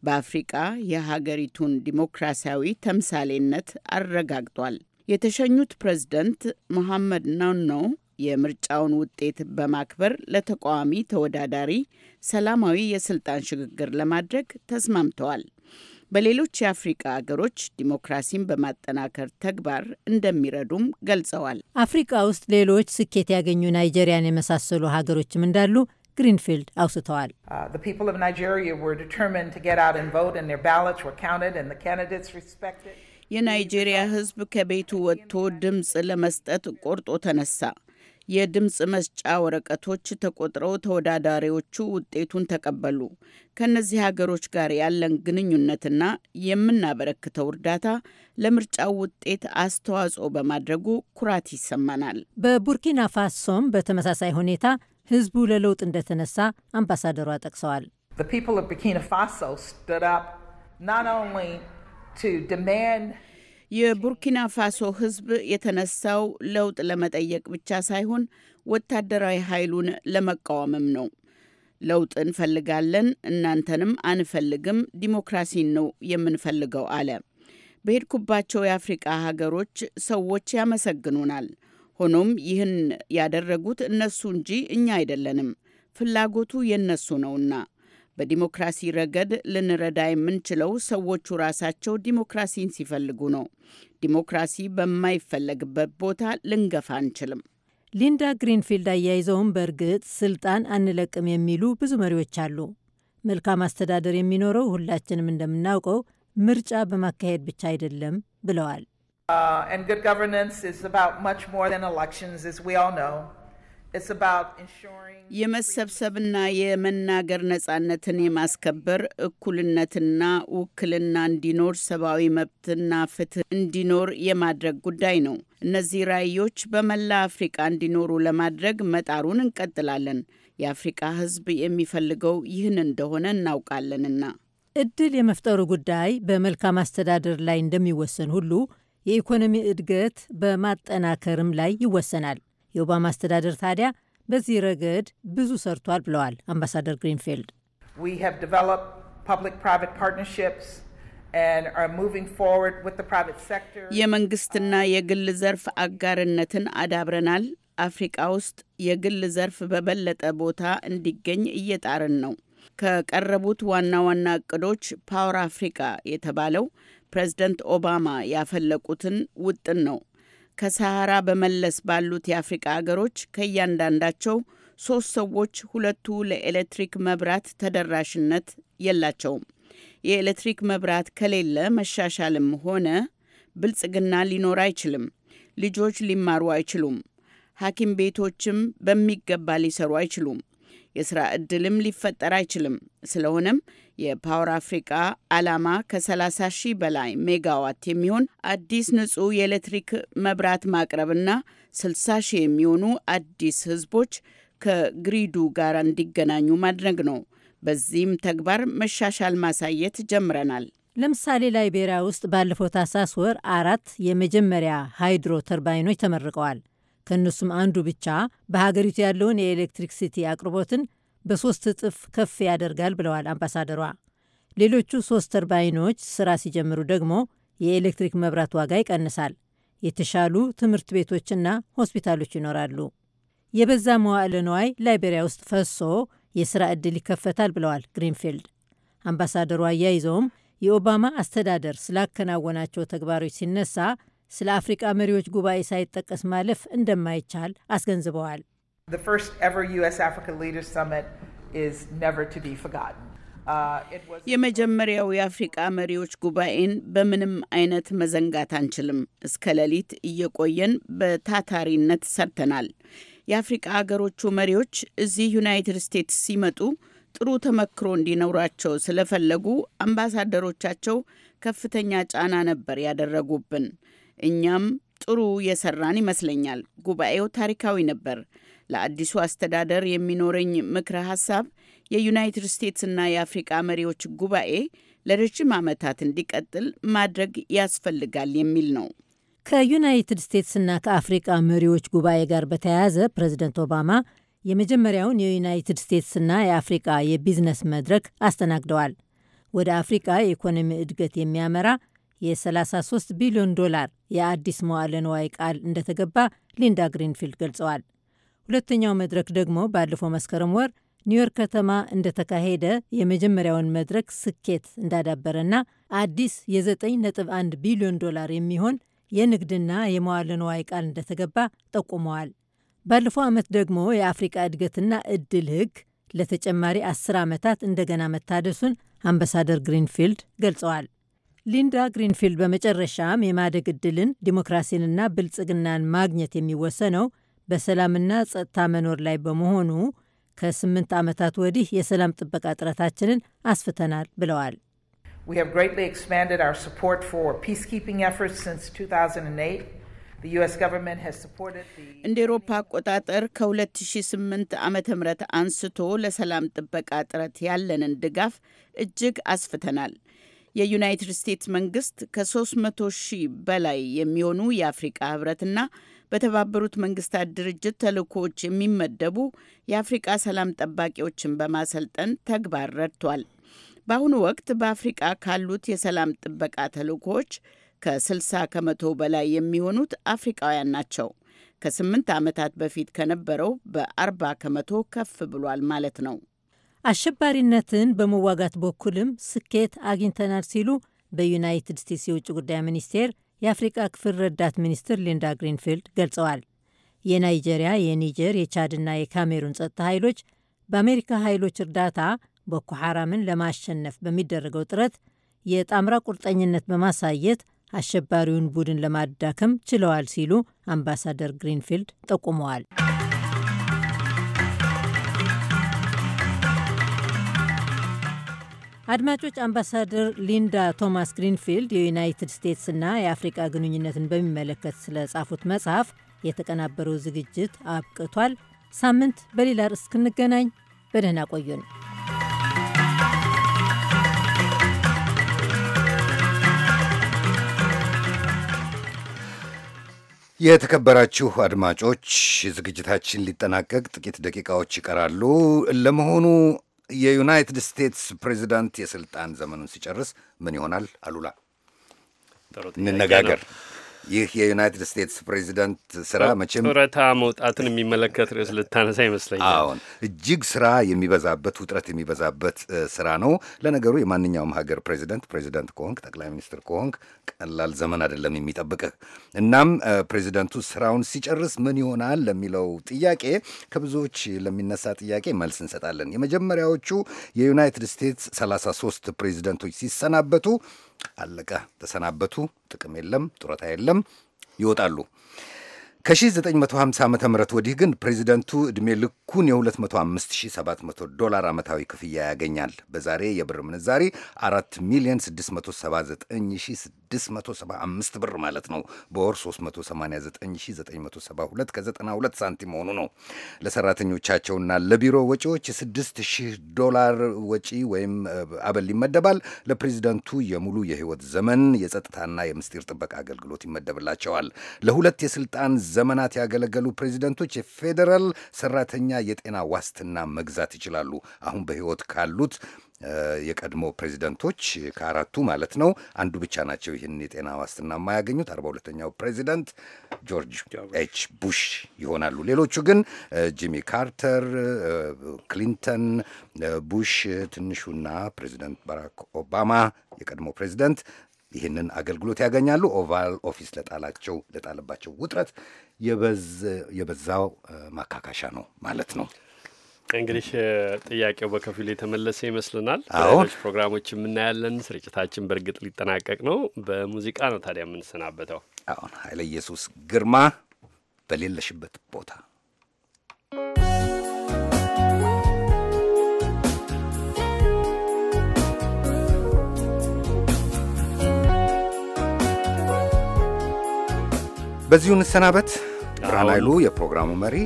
በአፍሪቃ የሀገሪቱን ዲሞክራሲያዊ ተምሳሌነት አረጋግጧል። የተሸኙት ፕሬዝደንት መሐመድ ናኖ የምርጫውን ውጤት በማክበር ለተቃዋሚ ተወዳዳሪ ሰላማዊ የስልጣን ሽግግር ለማድረግ ተስማምተዋል። በሌሎች የአፍሪቃ አገሮች ዲሞክራሲን በማጠናከር ተግባር እንደሚረዱም ገልጸዋል። አፍሪቃ ውስጥ ሌሎች ስኬት ያገኙ ናይጄሪያን የመሳሰሉ ሀገሮችም እንዳሉ ግሪንፊልድ አውስተዋል። uh, የናይጄሪያ ሕዝብ ከቤቱ ወጥቶ ድምፅ ለመስጠት ቆርጦ ተነሳ። የድምፅ መስጫ ወረቀቶች ተቆጥረው ተወዳዳሪዎቹ ውጤቱን ተቀበሉ። ከእነዚህ ሀገሮች ጋር ያለን ግንኙነትና የምናበረክተው እርዳታ ለምርጫው ውጤት አስተዋጽኦ በማድረጉ ኩራት ይሰማናል። በቡርኪና ፋሶም በተመሳሳይ ሁኔታ ህዝቡ ለለውጥ እንደተነሳ አምባሳደሯ ጠቅሰዋል። የቡርኪና ፋሶ ህዝብ የተነሳው ለውጥ ለመጠየቅ ብቻ ሳይሆን ወታደራዊ ኃይሉን ለመቃወምም ነው። ለውጥ እንፈልጋለን፣ እናንተንም አንፈልግም፣ ዲሞክራሲን ነው የምንፈልገው አለ። በሄድኩባቸው የአፍሪቃ ሀገሮች ሰዎች ያመሰግኑናል። ሆኖም ይህን ያደረጉት እነሱ እንጂ እኛ አይደለንም፣ ፍላጎቱ የነሱ ነውና። በዲሞክራሲ ረገድ ልንረዳ የምንችለው ሰዎቹ ራሳቸው ዲሞክራሲን ሲፈልጉ ነው። ዲሞክራሲ በማይፈለግበት ቦታ ልንገፋ አንችልም። ሊንዳ ግሪንፊልድ አያይዘውም በእርግጥ ስልጣን አንለቅም የሚሉ ብዙ መሪዎች አሉ። መልካም አስተዳደር የሚኖረው ሁላችንም እንደምናውቀው ምርጫ በማካሄድ ብቻ አይደለም ብለዋል። Uh, and good governance is about much more than elections, as we all know. የመሰብሰብና የመናገር ነጻነትን የማስከበር እኩልነትና ውክልና እንዲኖር ሰብአዊ መብትና ፍትህ እንዲኖር የማድረግ ጉዳይ ነው። እነዚህ ራዕዮች በመላ አፍሪቃ እንዲኖሩ ለማድረግ መጣሩን እንቀጥላለን። የአፍሪቃ ህዝብ የሚፈልገው ይህን እንደሆነ እናውቃለንና እድል የመፍጠሩ ጉዳይ በመልካም አስተዳደር ላይ እንደሚወሰን ሁሉ የኢኮኖሚ እድገት በማጠናከርም ላይ ይወሰናል። የኦባማ አስተዳደር ታዲያ በዚህ ረገድ ብዙ ሰርቷል ብለዋል አምባሳደር ግሪንፊልድ። የመንግስትና የግል ዘርፍ አጋርነትን አዳብረናል። አፍሪቃ ውስጥ የግል ዘርፍ በበለጠ ቦታ እንዲገኝ እየጣርን ነው። ከቀረቡት ዋና ዋና እቅዶች ፓወር አፍሪካ የተባለው ፕሬዝደንት ኦባማ ያፈለቁትን ውጥን ነው። ከሰሃራ በመለስ ባሉት የአፍሪቃ አገሮች ከእያንዳንዳቸው ሶስት ሰዎች ሁለቱ ለኤሌክትሪክ መብራት ተደራሽነት የላቸውም። የኤሌክትሪክ መብራት ከሌለ መሻሻልም ሆነ ብልጽግና ሊኖር አይችልም። ልጆች ሊማሩ አይችሉም። ሐኪም ቤቶችም በሚገባ ሊሰሩ አይችሉም። የስራ ዕድልም ሊፈጠር አይችልም። ስለሆነም የፓወር አፍሪቃ ዓላማ ከ30 ሺህ በላይ ሜጋዋት የሚሆን አዲስ ንጹህ የኤሌክትሪክ መብራት ማቅረብና 60 ሺህ የሚሆኑ አዲስ ህዝቦች ከግሪዱ ጋር እንዲገናኙ ማድረግ ነው። በዚህም ተግባር መሻሻል ማሳየት ጀምረናል። ለምሳሌ ላይቤሪያ ውስጥ ባለፈው ታህሳስ ወር አራት የመጀመሪያ ሃይድሮ ተርባይኖች ተመርቀዋል። ከእነሱም አንዱ ብቻ በሀገሪቱ ያለውን የኤሌክትሪክ ሲቲ አቅርቦትን በሶስት እጥፍ ከፍ ያደርጋል ብለዋል አምባሳደሯ። ሌሎቹ ሶስት ተርባይኖች ስራ ሲጀምሩ ደግሞ የኤሌክትሪክ መብራት ዋጋ ይቀንሳል፣ የተሻሉ ትምህርት ቤቶችና ሆስፒታሎች ይኖራሉ። የበዛ መዋዕለ ነዋይ ላይቤሪያ ውስጥ ፈሶ የስራ ዕድል ይከፈታል ብለዋል ግሪንፊልድ። አምባሳደሩ አያይዘውም የኦባማ አስተዳደር ስላከናወናቸው ተግባሮች ሲነሳ ስለ አፍሪቃ መሪዎች ጉባኤ ሳይጠቀስ ማለፍ እንደማይቻል አስገንዝበዋል። The first ever U.S. Africa Leaders Summit is never to be forgotten. Uh, የመጀመሪያው የአፍሪቃ መሪዎች ጉባኤን በምንም አይነት መዘንጋት አንችልም። እስከ ሌሊት እየቆየን በታታሪነት ሰርተናል። የአፍሪቃ ሀገሮቹ መሪዎች እዚህ ዩናይትድ ስቴትስ ሲመጡ ጥሩ ተመክሮ እንዲኖራቸው ስለፈለጉ አምባሳደሮቻቸው ከፍተኛ ጫና ነበር ያደረጉብን። እኛም ጥሩ የሰራን ይመስለኛል። ጉባኤው ታሪካዊ ነበር። ለአዲሱ አስተዳደር የሚኖረኝ ምክረ ሀሳብ የዩናይትድ ስቴትስና የአፍሪቃ መሪዎች ጉባኤ ለረጅም ዓመታት እንዲቀጥል ማድረግ ያስፈልጋል የሚል ነው። ከዩናይትድ ስቴትስና ከአፍሪቃ መሪዎች ጉባኤ ጋር በተያያዘ ፕሬዝደንት ኦባማ የመጀመሪያውን የዩናይትድ ስቴትስና የአፍሪቃ የቢዝነስ መድረክ አስተናግደዋል። ወደ አፍሪቃ የኢኮኖሚ እድገት የሚያመራ የ33 ቢሊዮን ዶላር የአዲስ መዋለ ንዋይ ቃል እንደተገባ ሊንዳ ግሪንፊልድ ገልጸዋል። ሁለተኛው መድረክ ደግሞ ባለፈው መስከረም ወር ኒውዮርክ ከተማ እንደተካሄደ የመጀመሪያውን መድረክ ስኬት እንዳዳበረና አዲስ የ9.1 ቢሊዮን ዶላር የሚሆን የንግድና የመዋለ ንዋይ ቃል እንደተገባ ጠቁመዋል። ባለፈው ዓመት ደግሞ የአፍሪቃ እድገትና እድል ህግ ለተጨማሪ 10 ዓመታት እንደገና መታደሱን አምባሳደር ግሪንፊልድ ገልጸዋል። ሊንዳ ግሪንፊልድ በመጨረሻም የማደግ እድልን ዲሞክራሲንና ብልጽግናን ማግኘት የሚወሰነው በሰላምና ጸጥታ መኖር ላይ በመሆኑ ከስምንት ዓመታት ወዲህ የሰላም ጥበቃ ጥረታችንን አስፍተናል ብለዋል። እንደ ኤሮፓ አቆጣጠር ከ2008 ዓ ም አንስቶ ለሰላም ጥበቃ ጥረት ያለንን ድጋፍ እጅግ አስፍተናል። የዩናይትድ ስቴትስ መንግስት ከ300 ሺህ በላይ የሚሆኑ የአፍሪቃ ህብረትና በተባበሩት መንግስታት ድርጅት ተልእኮዎች የሚመደቡ የአፍሪቃ ሰላም ጠባቂዎችን በማሰልጠን ተግባር ረድቷል። በአሁኑ ወቅት በአፍሪቃ ካሉት የሰላም ጥበቃ ተልእኮዎች ከ60 ከመቶ በላይ የሚሆኑት አፍሪቃውያን ናቸው። ከስምንት ዓመታት በፊት ከነበረው በ ከመቶ ከፍ ብሏል ማለት ነው። አሸባሪነትን በመዋጋት በኩልም ስኬት አግኝተናል ሲሉ በዩናይትድ ስቴትስ የውጭ ጉዳይ ሚኒስቴር የአፍሪቃ ክፍል ረዳት ሚኒስትር ሊንዳ ግሪንፊልድ ገልጸዋል። የናይጄሪያ፣ የኒጀር፣ የቻድና የካሜሩን ጸጥታ ኃይሎች በአሜሪካ ኃይሎች እርዳታ ቦኮ ሐራምን ለማሸነፍ በሚደረገው ጥረት የጣምራ ቁርጠኝነት በማሳየት አሸባሪውን ቡድን ለማዳከም ችለዋል ሲሉ አምባሳደር ግሪንፊልድ ጠቁመዋል። አድማጮች፣ አምባሳደር ሊንዳ ቶማስ ግሪንፊልድ የዩናይትድ ስቴትስና የአፍሪቃ ግንኙነትን በሚመለከት ስለ ጻፉት መጽሐፍ የተቀናበረው ዝግጅት አብቅቷል። ሳምንት በሌላ ርዕስ እስክንገናኝ በደህና ቆዩን። የተከበራችሁ አድማጮች ዝግጅታችን ሊጠናቀቅ ጥቂት ደቂቃዎች ይቀራሉ። ለመሆኑ የዩናይትድ ስቴትስ ፕሬዚዳንት የስልጣን ዘመኑን ሲጨርስ ምን ይሆናል? አሉላ እንነጋገር። ይህ የዩናይትድ ስቴትስ ፕሬዚደንት ስራ መቼም ጡረታ መውጣትን የሚመለከት ርዕስ ልታነሳ ይመስለኛል። አዎን፣ እጅግ ስራ የሚበዛበት ውጥረት የሚበዛበት ስራ ነው። ለነገሩ የማንኛውም ሀገር ፕሬዚደንት ፕሬዚደንት ከሆንክ ጠቅላይ ሚኒስትር ከሆንክ ቀላል ዘመን አይደለም የሚጠብቅህ። እናም ፕሬዚደንቱ ስራውን ሲጨርስ ምን ይሆናል ለሚለው ጥያቄ ከብዙዎች ለሚነሳ ጥያቄ መልስ እንሰጣለን። የመጀመሪያዎቹ የዩናይትድ ስቴትስ 33 ፕሬዚደንቶች ሲሰናበቱ አለቀ፣ ተሰናበቱ፣ ጥቅም የለም፣ ጡረታ የለም፣ ይወጣሉ። ከ1950 ዓ ም ወዲህ ግን ፕሬዚደንቱ ዕድሜ ልኩን የ25700 ዶላር ዓመታዊ ክፍያ ያገኛል። በዛሬ የብር ምንዛሬ 4 ሚሊዮን 675 ብር ማለት ነው። በወር 389972 ከ92 ሳንቲም መሆኑ ነው። ለሰራተኞቻቸውና ለቢሮ ወጪዎች 6000 ዶላር ወጪ ወይም አበል ይመደባል። ለፕሬዚደንቱ የሙሉ የህይወት ዘመን የጸጥታና የምስጢር ጥበቃ አገልግሎት ይመደብላቸዋል። ለሁለት የስልጣን ዘመናት ያገለገሉ ፕሬዚደንቶች የፌዴራል ሰራተኛ የጤና ዋስትና መግዛት ይችላሉ። አሁን በህይወት ካሉት የቀድሞ ፕሬዚደንቶች ከአራቱ ማለት ነው አንዱ ብቻ ናቸው ይህን የጤና ዋስትና የማያገኙት። አርባ ሁለተኛው ፕሬዚደንት ጆርጅ ኤች ቡሽ ይሆናሉ። ሌሎቹ ግን ጂሚ ካርተር፣ ክሊንተን፣ ቡሽ ትንሹና ፕሬዚደንት ባራክ ኦባማ የቀድሞ ፕሬዚደንት ይህንን አገልግሎት ያገኛሉ። ኦቫል ኦፊስ ለጣላቸው ለጣለባቸው ውጥረት የበዛው ማካካሻ ነው ማለት ነው። እንግዲህ ጥያቄው በከፊሉ የተመለሰ ይመስልናል። ሌሎች ፕሮግራሞች የምናያለን። ስርጭታችን በእርግጥ ሊጠናቀቅ ነው። በሙዚቃ ነው ታዲያ የምንሰናበተው። አሁን ኃይለ ኢየሱስ ግርማ በሌለሽበት ቦታ በዚሁ እንሰናበት። ብርሃን ኃይሉ የፕሮግራሙ መሪ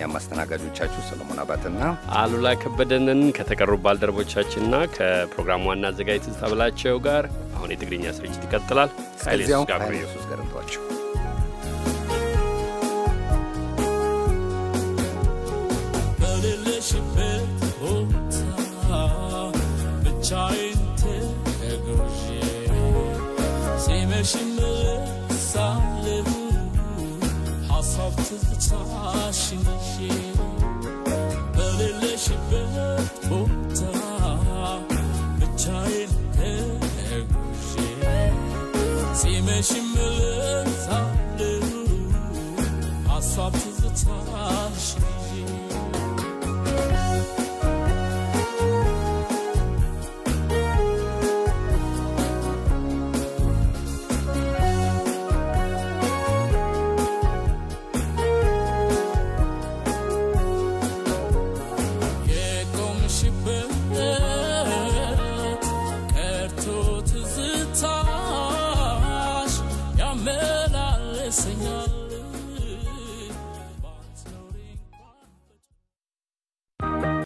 እኛም አስተናጋጆቻችሁ ሰለሞን አባትና አሉላ ከበደንን ከተቀሩ ባልደረቦቻችንና ከፕሮግራም ዋና አዘጋጅ ትዝታ ብላቸው ጋር አሁን የትግርኛ ስርጭት ይቀጥላል። ኃይሌ ጋር ኢየሱስ ጋር እንተዋችሁ። Shine አፍ ትዝታሽን በሌለሽበት ቦታ ብቻዬን ተጉዤ ሲመሽም እልሳለሁ አሷብ ትዝታሽን